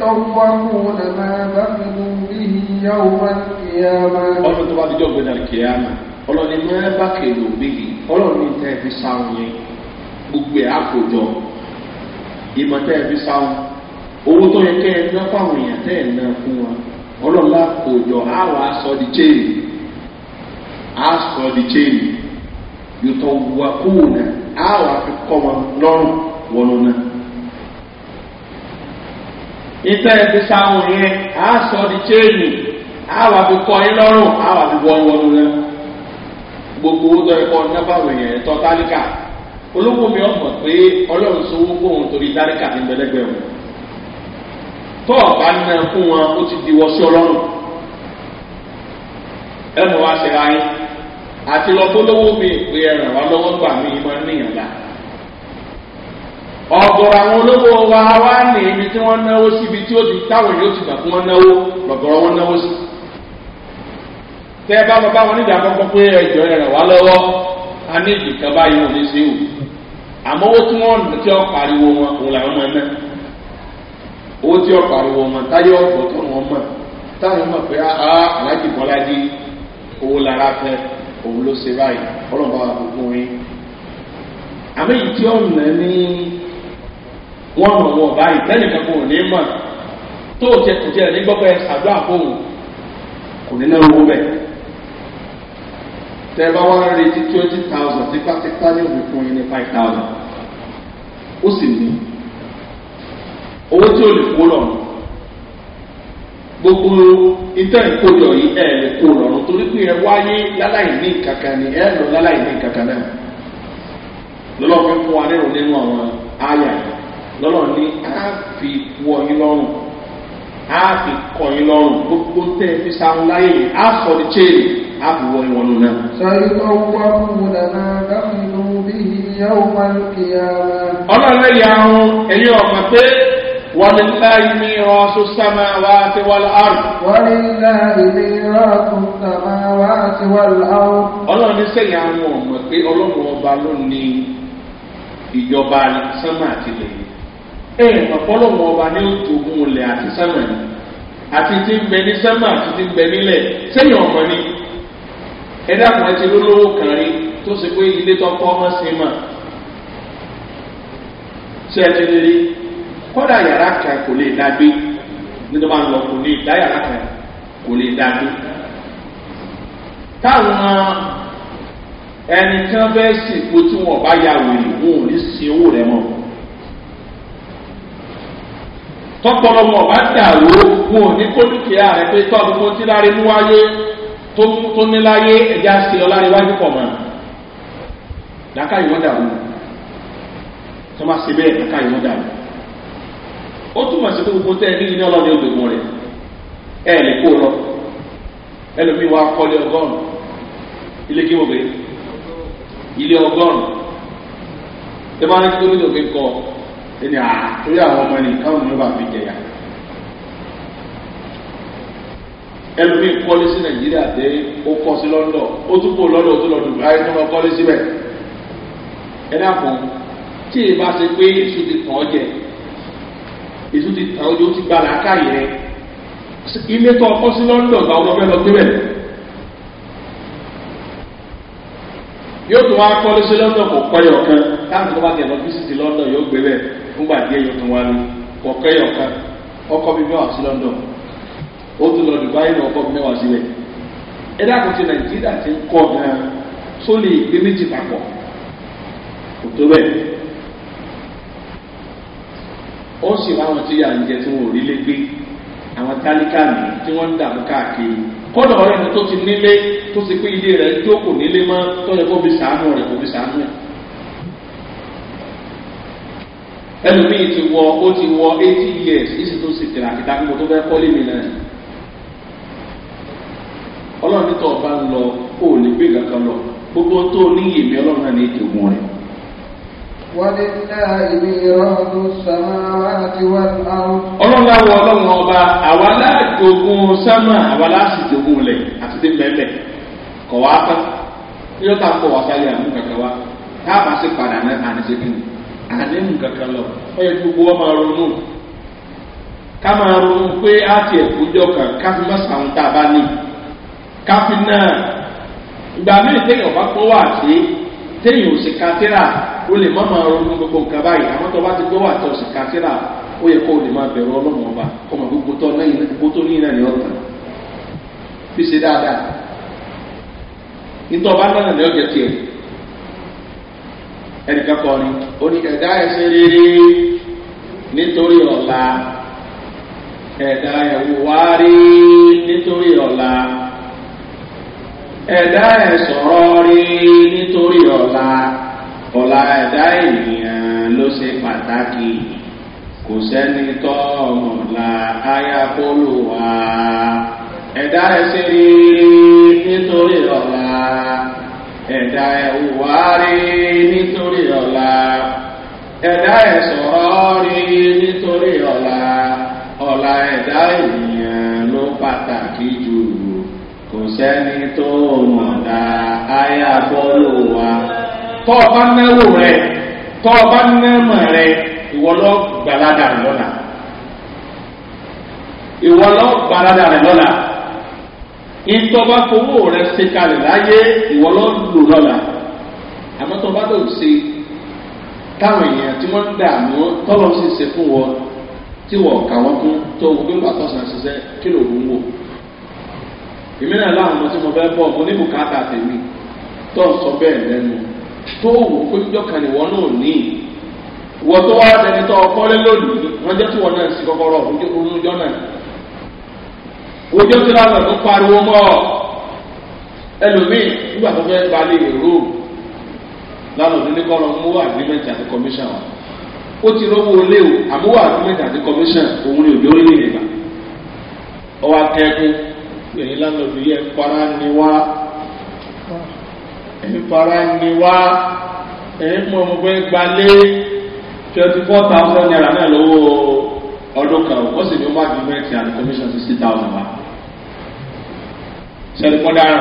[SPEAKER 2] tó bá dijọ́ gbé náà kìí àná ọlọ́run ní mẹ́ bá kèlò bíi ọlọ́run ní tẹ́ fi sáwọn yẹn gbogbo ẹ̀ àkójọ ìmọ̀ tẹ́ fi sáwọn owó tó yẹ kẹ́ ẹ ná fáwọn èèyàn tẹ́ ẹ̀ ná fún wọn ọlọ́run lákòjọ àwọn aṣọ di chéènì aṣọ di chéènì yòtọ̀ wà kúrò náà á wà fi kọ́ wọn lọ́rùn wọnú náà. ìtẹ́ ẹ̀fí sáwọn yẹn á sọ di chéènì á wà fi kọ́ yín lọ́rùn á wà fi wọ́n wọnú náà. gbogbo owó tọ́ ẹ̀kọ́ nábàwọ̀ yẹn tọ́ tálíkà olówó mi ọmọ pé ọlọ́run sọ owó fóun torí tálíkà ní gbẹdẹgbẹ wọn tọ́ ọ̀bá náà fún wọn ó ti di wọ́sí ọlọ́run ẹ̀mọ́ wa ṣe ra yín àti lọ tó lówó mi pé ẹràn wá lọ́wọ́ gbà mí máa níyàn la ọ̀gọ̀rọ̀ àwọn olówó wa wá ní ibi tí wọ́n náwó sí ibi tí ó ti táwọn yóò ti gbà fún wọn náwó lọ̀gọ̀rọ̀ wọn náwó sí. tẹ́ ẹ bá bàbá wọn níjà kọ́kọ́ pé ẹjọ́ ẹràn wá lọ́wọ́ a ní ìdìkan báyìí wọn ní sí wò àmọ́ owó tí wọ́n ti ọ̀ pariwo wọn òun làwọn máa ná owó tí ọ̀ pariwo wọn táyé ọ̀gbọ̀n wọn mọ̀ táwọn mọ̀ pé aláàjì kọ́lá owó lára fẹ́ẹ́ òun ló ṣe báyìí ọlọ́ba gbogbo yín àmì yìí tí ó nà ní wọ́n mọ̀ wọ́n báyìí lẹ́yìn kankan ò ní mọ̀ tó o jẹ kò jẹ ní gbọ́pẹ́ ṣàdúrà fóun kò ní náà owó bẹ́ẹ̀ tẹ bá wá retí twenty thousand tipátipá ní òbí fún yín ní five thousand ó sì ní owó tí ó lè kó lọ́nà gbogbo ìtẹ́ ìkójọ yìí ẹ̀ lè kó lọ́rùn torí pé ẹ wáyé láláì ní kankan ni ẹ lọ láláì ní kankan náà lọ́lọ́ fẹ́ fún wa nínú nínú àwọn àyà lọ́lọ́ ní á fi wọ yín lọ́rùn á fi kọ yín lọ́rùn gbogbo tẹ́ ẹ fi sáwọn láyè yìí á sọ ní chéèrè
[SPEAKER 1] á fi wọ ìwọ̀n nù náà. sàyíkọ́ wà fún dàda dáhùn bíi ìyá ọmọ ìkìyà. ọlọ́run ẹ̀yà ọ̀hún ẹ̀yìn ọ̀gbà pé.
[SPEAKER 2] ولله ميراث السماوات والأرض ولله
[SPEAKER 1] ميراث السماوات والأرض ọlọ́run ní sẹ́yìn
[SPEAKER 2] àwọn ọmọ pé ọlọ́run ọba ló ní ìjọba sánmà àtìlẹ̀ ẹ̀ ọ̀pọ̀lọpọ̀ ọba ní òtògùn ilẹ̀ àti sánmà ni àti ti ń bẹ ní sánmà àti ti bẹ nílẹ̀ sẹ́yìn ọmọ ni ẹ̀dá kan ti lólówó kan rí tó ṣe pé ilé tó kọ́ ọmọ sí mà ṣé ẹ ti rí kọ́dà yàrá kan kò lè dá gbé nítorí wọn lọ kò lè dá yàrá kan kò lè dá gbé. táwọn ẹni tí wọn fẹ́ sìnkú tí wọn bá ya wèrè wọn ò ní sin owó rẹ mọ́. tọpọlọ wọn ò bá dàrú wọn ò ní kó dúkìá pé tọ́ àdúgbò tí láre mú wáyé tó ní láyé ẹ̀já sí ọ láre wájú pọ̀ mọ́. dáká ìwọ́n dàrú tó máa ṣe bẹ́ẹ̀ dáká ìwọ́n dàrú ó túmọ̀ sí pé gbogbo tẹ́ ẹ níyì ní ọlọ́ni òdòdó rẹ̀ ẹ lè kó lọ ẹlòmíì wá kọ́lé ọgọ́rùn ilé kí wọ́n gbé ilé ọgọ́rùn tẹ bá rántí gómìnà òfin kọ ẹni à torí àwọn ọmọ ẹni káwọn ní ọba fi jẹyà ẹlòmíì kọ́lé sí nàìjíríà dé ó kọ́ sí lọ́ńdọ̀ ó tún kó lọ́dọ̀ ó tún lọ́dọ̀ ayé tó lọ kọ́lé síbẹ̀ ẹ dàpọ̀ tí ì bá ṣe pé èṣù ti kàn ọ́ jẹ èso ti tàn ojú ti gbà làákàyè rẹ ilé tó ọkọ sí london gba ọmọ lọ gbé yóò tún wá kọ́lé sí london kò kọ́yọ̀ kan táwọn tó bá tẹ̀ lọ bísí ti london yóò gbé bẹ̀ fúngbà díẹ̀ yóò tún wá ní kò ọkọ̀ mi mẹ́wàá sí london ó tún lọ dubai mi mẹ́wàá sílẹ̀ ẹ dákun ti nàìjíríà ti ń kọ́ gan-an ó sì láwọn tí yà ń jẹ tí wọn ò rí lé gbé àwọn tálíkà mi tí wọ́n ń dààmú káàkiri kọ́dọ̀ ọ̀rẹ́ mi tó ti nílé tó ti pé ilé rẹ̀ jókòó nílé mọ́ tó yẹ kó fi sàánú rẹ̀ kó fi sàánú rẹ̀. ẹlòmíì ti wọ ó ti wọ eighty years ìsì tó sì tẹ̀lé àkìtà kí mo tó fẹ́ kọ́lé mi náà. ọlọ́run tó ọba ń lọ kó o lè gbé kankan lọ gbogbo tó o níyèmí ọlọ́run náà ní ìdìbò rẹ̀
[SPEAKER 1] ọlọ́run láwọ ọlọ́run ọba àwa láàjogún sámà àwa
[SPEAKER 2] láàṣìjogún lẹ̀ àti tí mẹ́lẹ̀ kọ̀ wá tán yóò tá a kọ̀ wá sáyé àmú kankan wá tá a bá sì padà náà àní ṣe kí ni àní mú kankan lọ ó gbogbo wa máa ronú ká máa ronú pé á ti ẹ̀kúnjọ kan ká fi má sàún tá a bá ní ká fi náà ìgbà míì téèyàn kó wà sí téèyàn ò sì ka tíra o lè má máa ronú gbogbo nǹkan báyìí àwọn tó bá ti gbọ́ wà tó sì ká síra ó yẹ kó o lè máa bẹ̀rù ọlọ́run ọba kó mọ̀ gbogbo tó náà gbogbo tó ní ìnáni ọ̀tàn fi ṣe dáadáa nítorí ọba náà ní tiẹ̀ ẹnìkan kọ ni ó ní ẹ̀dá ẹsẹ̀ rere nítorí ọ̀la ẹ̀dá ẹ̀wù wárí nítorí ọ̀la ẹ̀dá ẹ̀sọ̀rọ̀ rí nítorí ọ̀la ọ̀la ẹ̀dá ènìyàn ló ṣe pàtàkì kò sẹ́ni tọ́ ọ̀la ayakolo wa ẹ̀dá ẹsẹ̀ rí nítorí ọ̀la ẹ̀dá ẹ̀wùwá rí nítorí ọ̀la ẹ̀dá ẹ̀sọ̀rọ̀ rí nítorí ọ̀la ọ̀la ẹ̀dá ènìyàn ló pàtàkì jù kò sẹ́ni tó mọ̀lá ayakolo wa tọ́ ọ bá náwó rẹ tọ́ ọ bá náwó rẹ ìwọ lọ gbàládà rẹ lọ́la ìwọ lọ gbàládà rẹ lọ́la ìtọ́ba fowó rẹ ṣe kalẹ̀ láyé ìwọ lọ lò lọ́la àmọ́ tọ́ba lò ṣe táwọn èèyàn tí wọ́n ń dààmú tọ́lọ́ sì ṣe fún wọn tí wọ́n kà wọ́n kún tó o gbé bàtọ́ sàn ṣiṣẹ́ kí ló ń wò. èmi náà láwọn ọmọ tí mo fẹ́ bọ̀ mo ní bùkátà tèmi tó ń sọ bẹ́ẹ̀ lẹ́nu tó wù pé jọ́kan ni wọ́n náà ní wọ́n tó wá sẹ́ni tó ọkọ́lé lónìí wọ́n jẹ́ tí wọ́n náà sí kọ́kọ́rọ́ oúnjọ́ tí wọ́n tó pariwo mọ́ ọ ẹlòmíì nígbà tó fẹ́ balẹ̀ èrò lánàá tó ní mú àgbẹ̀mẹ̀tì àti kọmíṣàn ó ti olé o àgbẹ̀mẹ̀tì àti kọmíṣàn òun ni òjò orílẹ̀-èdè gbà ọwọ́ akẹ́kọ̀ọ́ ìfara ni wá èyí mú ọmọ pé gbalé twenty four thousand naira náà lówó ọdún kan ó sì ní wá gbẹmẹtì commission sixty thousand wa ṣẹlẹ fún dára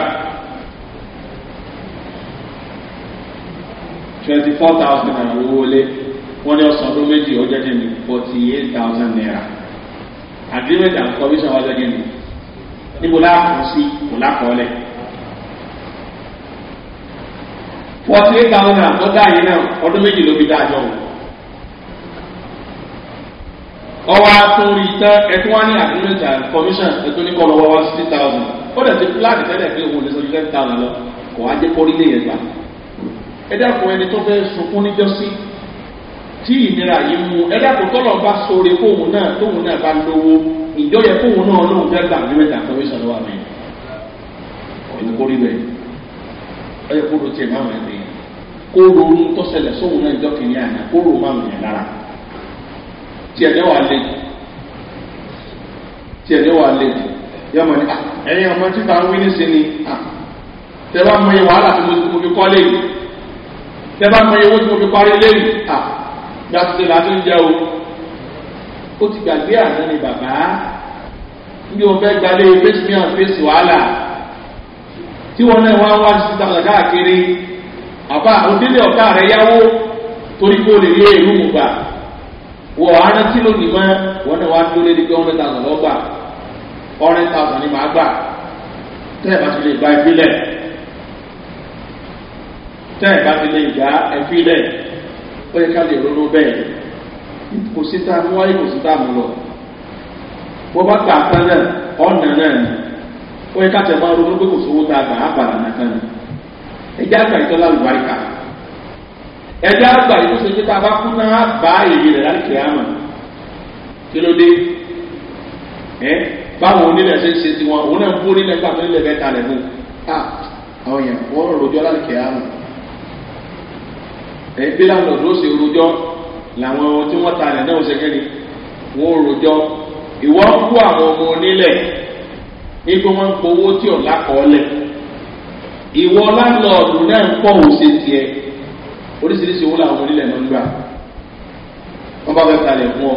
[SPEAKER 2] twenty four thousand naira lówó lé wọ́n ní ọ̀sán ọdún méjì ó jẹ́jẹ́ ní forty eight thousand naira agreement and commission wa jẹ́jẹ́ ní níbo láàkó sí kò lákọ̀ọ́lẹ̀. forty eight thousand tó dá yẹn náà ọdún méjì ló fi dájọ́ wọn. ọwọ́ àtúnrí tán wá ní agreement and commission ẹ̀tún ní kọ́ lọ́wọ́ wá sixty thousand ó dẹ̀ ti tẹ́lẹ̀ pé òun ò lè sọ ju thousand lọ kò wá jẹ́ yẹn gbà. ẹ ẹni tó fẹ́ sunkún níjọ́sí tí ìnira yìí mú ẹ ọyẹ kó do tiẹ̀ máa mẹ́rin kó ronú tọ́sẹ̀lẹ̀ sóhun náà ìjọ kìíní àná kó ro máa mẹ́rin lára tiẹ̀ ní wàá lé tiẹ̀ ní wàá lé yọ mọ̀ ní ah, ẹ̀yin ọmọ tí bá ń wí nísìn ni ah, tẹ bá mọ iye wàhálà tí mo fi kọ́ léyìí tẹ bá mọ iye owó tí mo fi parí léyìí gbàtúndé ah, la ti ń jẹ o ó ti gbàgbé àná ni bàbá ní o fẹ́ gbalé fèsì mìíràn wàhálà tí wọn náà wá wá sí tàgbà káàkiri àbá òdílé ọ̀tá rẹ̀ yáwó torí kó lè yé ìlú mú gbà wọ ara tí ló ní mọ wọn náà wá dúró lé ní pé hundred thousand lọ́gbà hundred thousand ni màá gbà tẹ́ẹ̀ bá ti lè gba ìpínlẹ̀ tẹ́ẹ̀ bá ti lè gba ìpínlẹ̀ ó yẹ ká lè ronú bẹ́ẹ̀ kò sí tá a kò sí tá lọ bó gbà tán náà ọ̀nà náà ni ó yẹ káàtì máa ronú pé kò sówó tá a gbà á gbàrà nìkan ni ẹjẹ àgbà yìí tọ́lá lùwárí ká ẹjẹ àgbà yìí tó ṣe pé tá a bá kú náà bá èyí rẹ̀ láti kẹ́ àmà kí ló dé ẹ báwọn onílẹ̀ ṣe ń ṣe tiwọn òun náà ń bú onílẹ̀ gbà tó ń lẹ̀ bẹ́ẹ̀ kalẹ̀ mú a àwọn yẹn wọ́n rojọ́ láti kẹ́ àmà ẹ bí láwọn ọ̀dọ́ ṣe rojọ́ làwọn tí wọ́n ta rẹ̀ náà ṣe kẹ́ni wọ́n rojọ́ ìwọ́n nígbà wọn ń powó tí ọ̀la kọ́ lẹ̀ ìwọ láńlọ́ọ̀dù náà ń pọ̀ òṣè tiẹ̀ oríṣiríṣi owó làwọn onílẹ̀ náà ń gbà wọ́n bá fẹ́ talẹ̀ fún ọ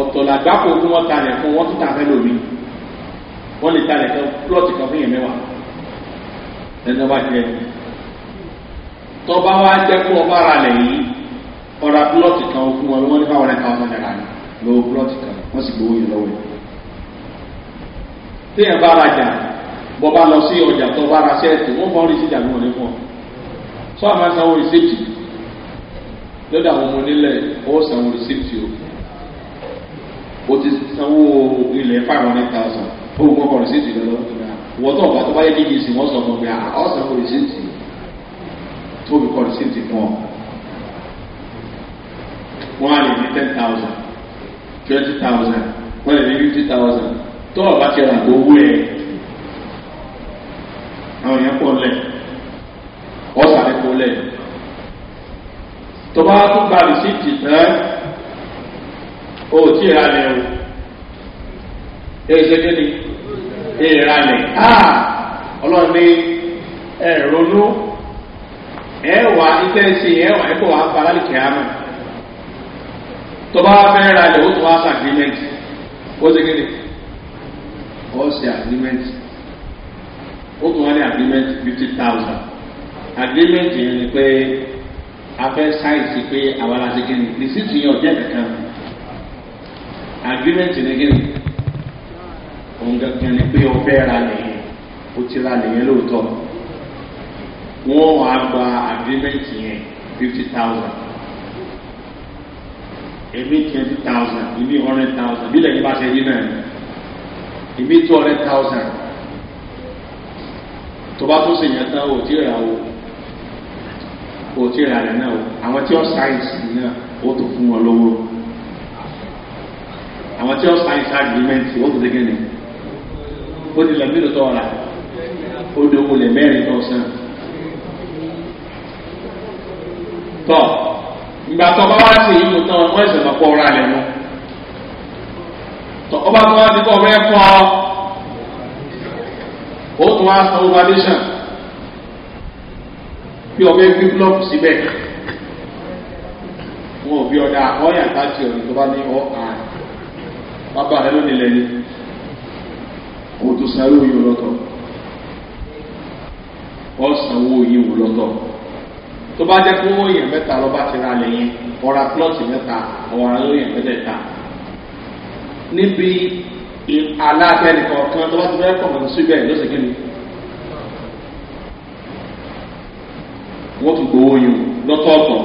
[SPEAKER 2] ọ̀tọ̀ làgbákò fún wọn talẹ̀ fún wọn tún tà fẹ́ lómi wọ́n lè talẹ̀ kan plọ́ọ̀tì kan fún yẹn mẹ́wàá ẹni ọba jẹ tọba wa jẹ kó ọba ara lẹ yìí ọ̀rọ̀ plọ́ọ̀tì kan fún wọn wọ́n ní báwọn ẹ̀ka ọmọ náírà lọ́wọ́ plọ́ọ̀tì kan wọ́n sì gbowó yẹn lọ́wọ́ yẹn téèyàn bá rajà bọ́ bá lọ sí ọjà tó bá ra ṣẹ́ẹ̀tì wọ́n fọ́n rí sí ìjà lóhùn ní fún ọ. sọ àmọ́ sanwó rìsíìtì lọ́dọ̀ àwọn ọmọ onílẹ̀ ó sanwó rìsíìtì o o ti sanwó ilẹ̀ five hundred thousand ó wù kọ́kọ́ rìsíìtì lọ́wọ́ wọ́n tó ọ̀gá tó bá yẹ kí gbèsè wọ́n sọ fún mi ọ̀ ah, sanwó rìsíìtì tó fi kọ́ rìsíìtì fún ọ. wọ́n á lè ní ten thousand twenty thousand wọ́n lè ní fifty thousand. tó ọba ti rà gbogbo ẹ àwọn yẹn pọ̀ lẹ ọ̀sàlẹ̀ lẹ lẹ̀ tó bá tó gba rìsíìtì tán o ò tí ì ralẹ̀ o èyí ṣe kéde
[SPEAKER 3] èyí ralẹ̀ a ah!
[SPEAKER 2] ọlọ́run ní ẹ̀rọ̀nú ẹ̀wà ìtẹ́sí ẹ̀wà ẹ̀kọ́ wa balali kìámà tó bá fẹ́ o tó wá sàgbémẹ́ntì o ṣe kéde. ó ṣe agreement ó agreement fifty thousand agreement yẹn ni pé a ṣáìsì pé àwa la ṣe kíni yẹn ọ̀jẹ̀ kankan agreement ni òun kankan ni pé ọfẹ́ ra nìyẹn ó ti ra wàá gba agreement yẹn fifty thousand èmi twenty thousand èmi hundred thousand bí bá ṣe yí náà. ìmí two hundred thousand tó bá tún ṣèyàn tán o ti rà o o ti rà rẹ náà o àwọn tí ó sáyẹnsì náà o tó fún wọn lówó àwọn tí ó sáyẹnsì agirimẹǹtì o tó dégé ni o ti lẹ mílò tó rà o dòwò lẹ mẹrin tó sàn
[SPEAKER 3] tọ ìgbà tó bá wá sí ìlú tán wọn
[SPEAKER 2] ẹsẹ̀ máa kọ́ ọ̀rá rẹ mọ́ ọba tó wá ti kọ́ ọ̀rẹ́ kọ́ ó tún wá san ovation bí ọbẹ̀ gbé blọọkù síbẹ̀ wọn ò bí ọ̀dà ọ̀yà láti ọ̀rẹ́ tó bá ní ọ̀hà bàbá rẹ lónìí lẹ́ni kò tó sanwó yìí lọ́tọ̀ ọ̀ sanwó yìí lọ́tọ̀ tó bá jẹ́ kó wọ́n yẹn mẹ́ta lọ́ba ti ra lẹ́yìn ọ̀rà plọ́ọ̀tì mẹ́ta ọ̀rà lóyìn mẹ́tẹ̀ẹ̀ta níbi aláàtẹ́nì kọ̀ọ̀kan tó bá ti fẹ́ kọ̀ọ̀kan síbẹ̀ ló sì kí ni wọ́n ti gbowó yìí lọ́tọ̀ọ̀tọ̀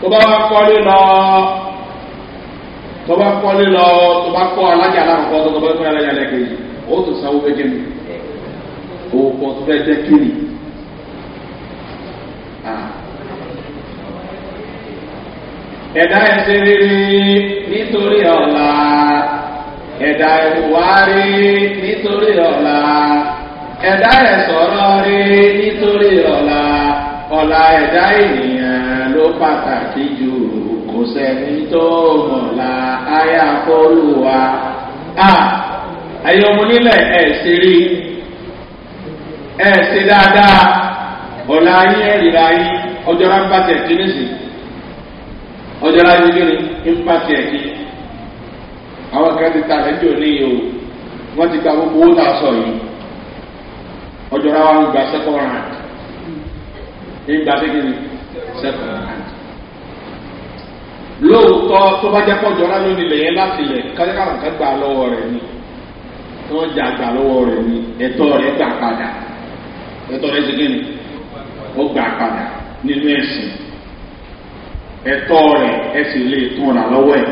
[SPEAKER 2] tó bá wá kọ́lé lọ tó bá kọ́lé lọ tó bá kọ́ alájà alákọ̀ọ́kọ́ tó bá kọ́ alájà lẹ́kẹ̀ẹ́ ó tún sanwó gẹ́gẹ́ mi owó kan tó fẹ́ jẹ́ kí ni. ẹ̀dá ẹ̀sẹ̀ rere nítorí ọ̀la. ẹ̀dá ìwárí nítorí ọ̀la ẹ̀dá ẹ̀sọ̀rọ̀ rí nítorí ọ̀la ọ̀la ẹ̀dá ènìyàn ló pàtàkì jù kò sẹ́ni tó mọ̀la ayáfọ́lùwà a ayọ̀múnílẹ̀ ẹ̀ ṣe rí ẹ̀ ṣe dáadáa ọ̀la yín ọjọ́ ọjọ́ àwọn kan ti ta lẹ́jọ́ níyì o wọ́n ti gba gbogbo owó tá a sọ yìí ọjọ́ ra wa ń gba second hand ń gba bí kìíní second hand lóòótọ́ tó bá jẹ́ pọ́jọ́ ra lónìí lẹ́yìn láti lẹ̀ kájọ́kàrà kan gbà lọ́wọ́ rẹ̀ ni wọ́n jà gbà lọ́wọ́ rẹ̀ ni ẹ̀tọ́ rẹ̀ gbà padà ẹ̀tọ́ rẹ̀ ti kìíní ó gbà padà nínú ẹ̀sìn ẹ̀tọ́ rẹ̀ ẹ̀sìn lè tún ọ̀nà lọ́wọ́ ẹ̀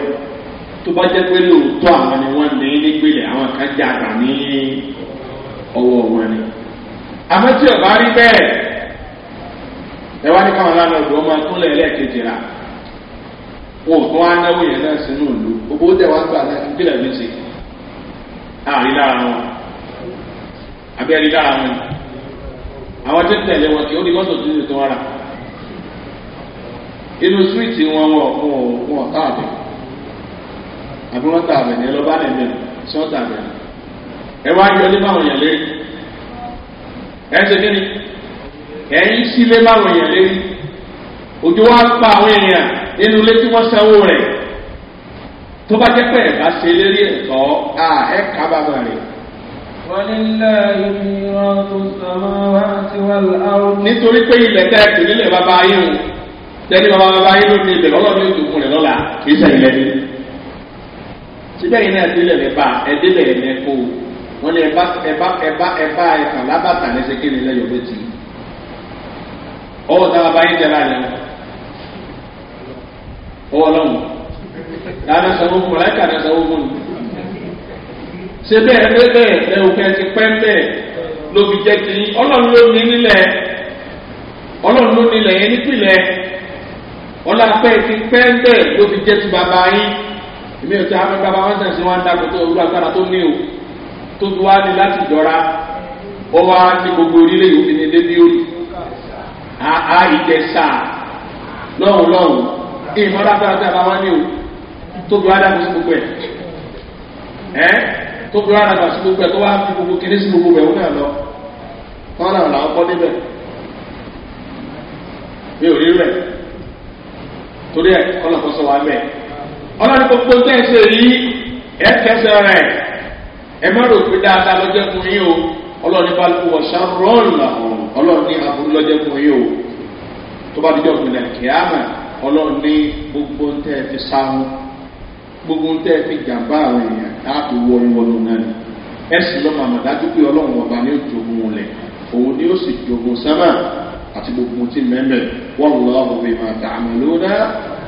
[SPEAKER 2] tó bá jẹ́ pé lóòótọ́ àwọn ni wọ́n ní nípìnlẹ̀ àwọn kan já àgbà ní ọwọ́ wọn ni. àmọ́ tí ọ̀bá rí bẹ́ẹ̀ ẹ wá ní káwọn lánàá ọ̀dọ́ máa kúnlẹ̀ ẹlẹ́ẹ̀kejì rà wọn ò tún wá náwó yẹn náà sínú ìlú gbogbo ó tẹ̀wá gbà náà ìpínlẹ̀ mi sí àárín lára wọn abẹ́rẹ́ lára wọn àwọn tó tẹ̀lé wọn kì í ó di mọ́tò tuntun tó wá rà inú súwìtì wọn wọn wọn ọ̀tá àbẹ̀kọ́ àbí wọ́n ta àbẹ̀ni ẹ lọ bá lẹ́nu sí wọ́n ta àbẹ̀ni. ẹ wá yọ ní báwọn yẹn lérí ẹ ṣe kí ni ẹ ń sílé báwọn yẹn lérí òjò wa pa àwọn èèyàn nínú ilé tí wọ́n sanwó rẹ̀ tó bá jẹ́ pé ẹ̀ bá ṣe lérí ẹ̀tọ́ à ẹ̀ kábàámà rẹ̀.
[SPEAKER 1] nítorí pé ilẹ̀ tẹ́
[SPEAKER 2] ẹ̀ tẹ̀lé bàbá yín o tẹ́lẹ̀ bàbá yín ló ní ibẹ̀ lọ́lọ́ ní ìdòkun rẹ̀ lọ́la kì í sẹ́yìn lẹ́yìn síbẹ̀ yìí náà délẹ̀ rẹ̀ bá ẹ délẹ̀ rẹ̀ mẹ́kọ́ o wọ́n lé ẹ̀bá ẹ̀bá ẹ̀bá ẹ̀bá ẹ̀fà lábàtà lẹ́sẹ̀ kéde lẹ́yọ̀ bó ti. ọwọ́ táwa bá yín tẹ́lá ni ọwọ́ lọ́wọ́ dáná sanwó fún ọ̀la ẹ̀ka dáná sanwó fún mi. ṣé bẹ́ẹ̀ bẹ́ẹ̀ lẹ́wọ̀ kẹ́ ti pẹ́ bẹ́ẹ̀ ló fi jẹ́ ti ọlọ́run ló ní nílẹ̀ ọlọ́run ló nílẹ̀ yẹn nípìnlẹ̀ ọlọ́run pẹ́ ti pẹ́ bẹ́ẹ̀ ló fi jẹ́ ti bàbá yín èmi ò tí a bá wọn sàn sí wọn dàgbò tó olú agbára tó ní o tó fi wá ní láti dọ́ra ó wá ní gbogbo orílẹ̀ yìí obìnrin débi orí àá ìjẹsà lọ́hùn lọ́hùn ìmọ̀ lágbára tí a bá wọn ní o tó fi wá dàgbò sí gbogbo ẹ̀ ẹ́ tó fi wá dàgbò sí gbogbo ẹ̀ tó wá fi gbogbo kiri sí gbogbo ẹ̀ wọ́n náà lọ wọ́n náà làwọn kọ́ débẹ̀ mi ò rí rẹ̀ torí ẹ̀ kọ́ ọlọ́run gbogbo tẹ́ ẹ ṣe yìí ẹ kẹsẹ̀ rẹ̀ ẹ má rò pé dáadáa lọ́jọ́ fún yín o ọlọ́run bá lù wọ́n ṣàrọ́ọ̀n làwọn ọlọ́run ní aburú lọ́jọ́ fún yín o tó bá dijọ́ gbìnà kíámà ọlọ́run ní gbogbo tẹ́ ẹ fi sáwọn gbogbo tẹ́ ẹ fi jàmbá àwọn èèyàn láti wọ ìwọ́nù náà ni ẹ sì lọ́ màmá dájú pé ọlọ́run ọba ni ó jogun lẹ̀ òun ni ó sì jogun sábà àti gbogbo tí mẹ́mẹ́ wọ́n lọ́ọ́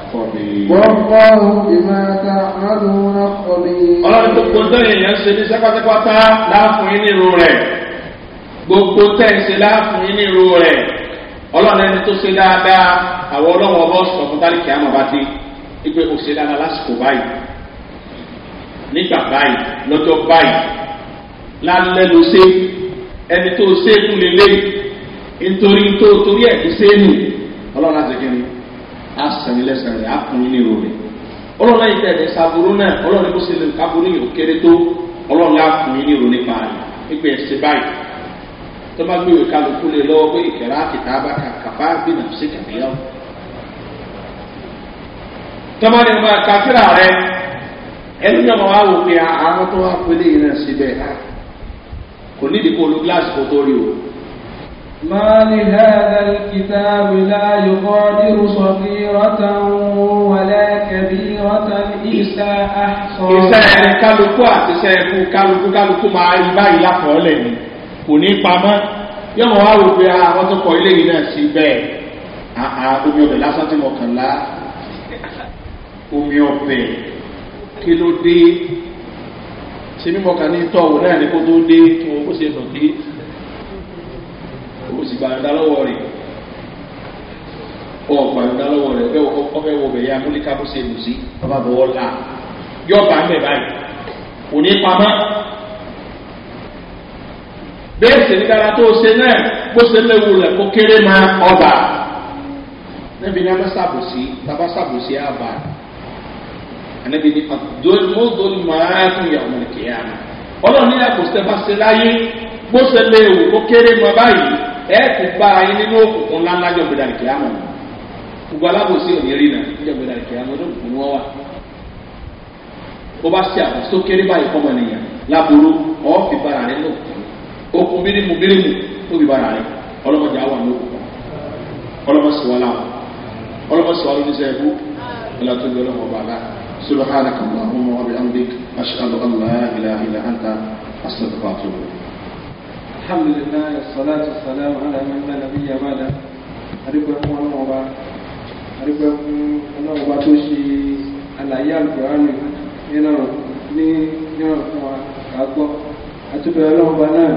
[SPEAKER 2] Wọ́pọ̀lù
[SPEAKER 1] ìmáta àádùn ọ̀pọ̀lì. Ọlọ́run gbogbo tẹ́yìn yẹn ṣe ní sẹ́pátápátá láàfún
[SPEAKER 2] yín nírú rẹ̀. Gbogbo tẹ́yìn ṣe láàfún yín nírú rẹ̀. Ọlọ́run ẹni tó ṣe dáadáa àwọn ọlọ́wọ́ ọbọ̀ sọ̀kún tálíkì àmọ̀ bá dé. Ipe kò ṣe dáadáa lásìkò báyìí. Nígbà báyìí lọ́jọ́ báyìí. Lálẹ́ ló ṣe ẹni tó ṣe é fún lélẹ́yìí. Nítorí tó torí ẹ̀ fi ṣe é nù. Ọlọ́run á ti á sàn yín lẹ́sàn rẹ̀ á kún yín ní ìrò rẹ̀ ọlọ́run yìí tẹ̀lé sàbúrú náà ọlọ́run kò ṣe lè sàbúrú yìí ó kéré tó ọlọ́run á kún yín ní ìrò nípa rẹ̀ nípa ẹ̀sìn báyìí tó bá gbé ìwé kálukú lé lọ́wọ́ pé ìkẹ̀rẹ́ àkìtà bá kà kàfá bí nà sí kàfíà tọ́mọ́ni ọmọ kàfíà rẹ̀
[SPEAKER 3] ẹni náà máa wò pé
[SPEAKER 2] àwọn tó wá pélé yìí náà síbẹ̀ kò nídìí kó olú gíláàsì kó tó rí o.
[SPEAKER 1] ما لهذا الكتاب لا يغادر صغيرة ولا كبيرة إلا أحصاها iṣẹ́ ẹni
[SPEAKER 2] kálukú àti iṣẹ́ ẹkú kálukú kálukú máa rí báyìí lákọọ́lẹ̀ ni kò ní pamọ́ yọmọ wá wò pé àwọn ah, tó kọ ilé yìí náà sí bẹ́ẹ̀ ah, ah, omi ọbẹ̀ lásán tí mo kàn lá omi ọbẹ̀ kí ló dé ṣe mímọ kan ní tọ́wọ̀ náà ní kó tó dé tó o ṣe nù dé ó sì gbàǹda lọ́wọ́ rẹ̀ ọ gbàǹda lọ́wọ́ rẹ̀ ọbẹ̀ ọbẹ̀ wọ bẹ̀ yá múlíkà bó ṣe lù sí bàbá bọ̀ ọ́ la yọ bá ń bẹ̀ báyìí kò ní pamọ́ bẹ́ẹ̀ sì ní kára tó ṣe náà bó ṣe léwu rẹ̀ kó kéré máa ọba níbi ní abásàbòsí abásàbòsí àbá ànábi ní àdóńdóń máa tún yà ọmọ nìkìyà ọlọ́run ní àkóso ẹ bá ṣe láyé bó ṣe léwu kó kéré máa báyìí ẹ ti bá ayé nínú òkùnkùn ńláńlá jọ̀gbẹ̀dà ìkìyàmọ̀ gbogbo alábòsí òní rí nà jọ̀gbẹ̀dà ìkìyàmọ̀ ló kù ní wọ́n wà. ó bá ṣe àbòsó kéré báyìí fọmọ nìyẹn láboró ọ́ fi bára rẹ lò okùn mírímù mírímù ó fi bára rẹ ọlọ́mọdé àwọn àmì òkùnkùn ọlọ́mọsíwá láwọn ọlọ́mọsíwá ló ní sẹ́ẹ̀kú ọlọ́tọ́jú ọlọ́mọba
[SPEAKER 1] alá الحمد لله والصلاة والسلام على من لا نبي بعده àdúgbò fún ọlọ́mọba àdúgbò fún ọlọ́mọba tó ṣe àlàyé
[SPEAKER 3] àlùkòránì nínú ní nínú fún wa kà á gbọ́ àtúbẹ̀ ọlọ́mọba náà.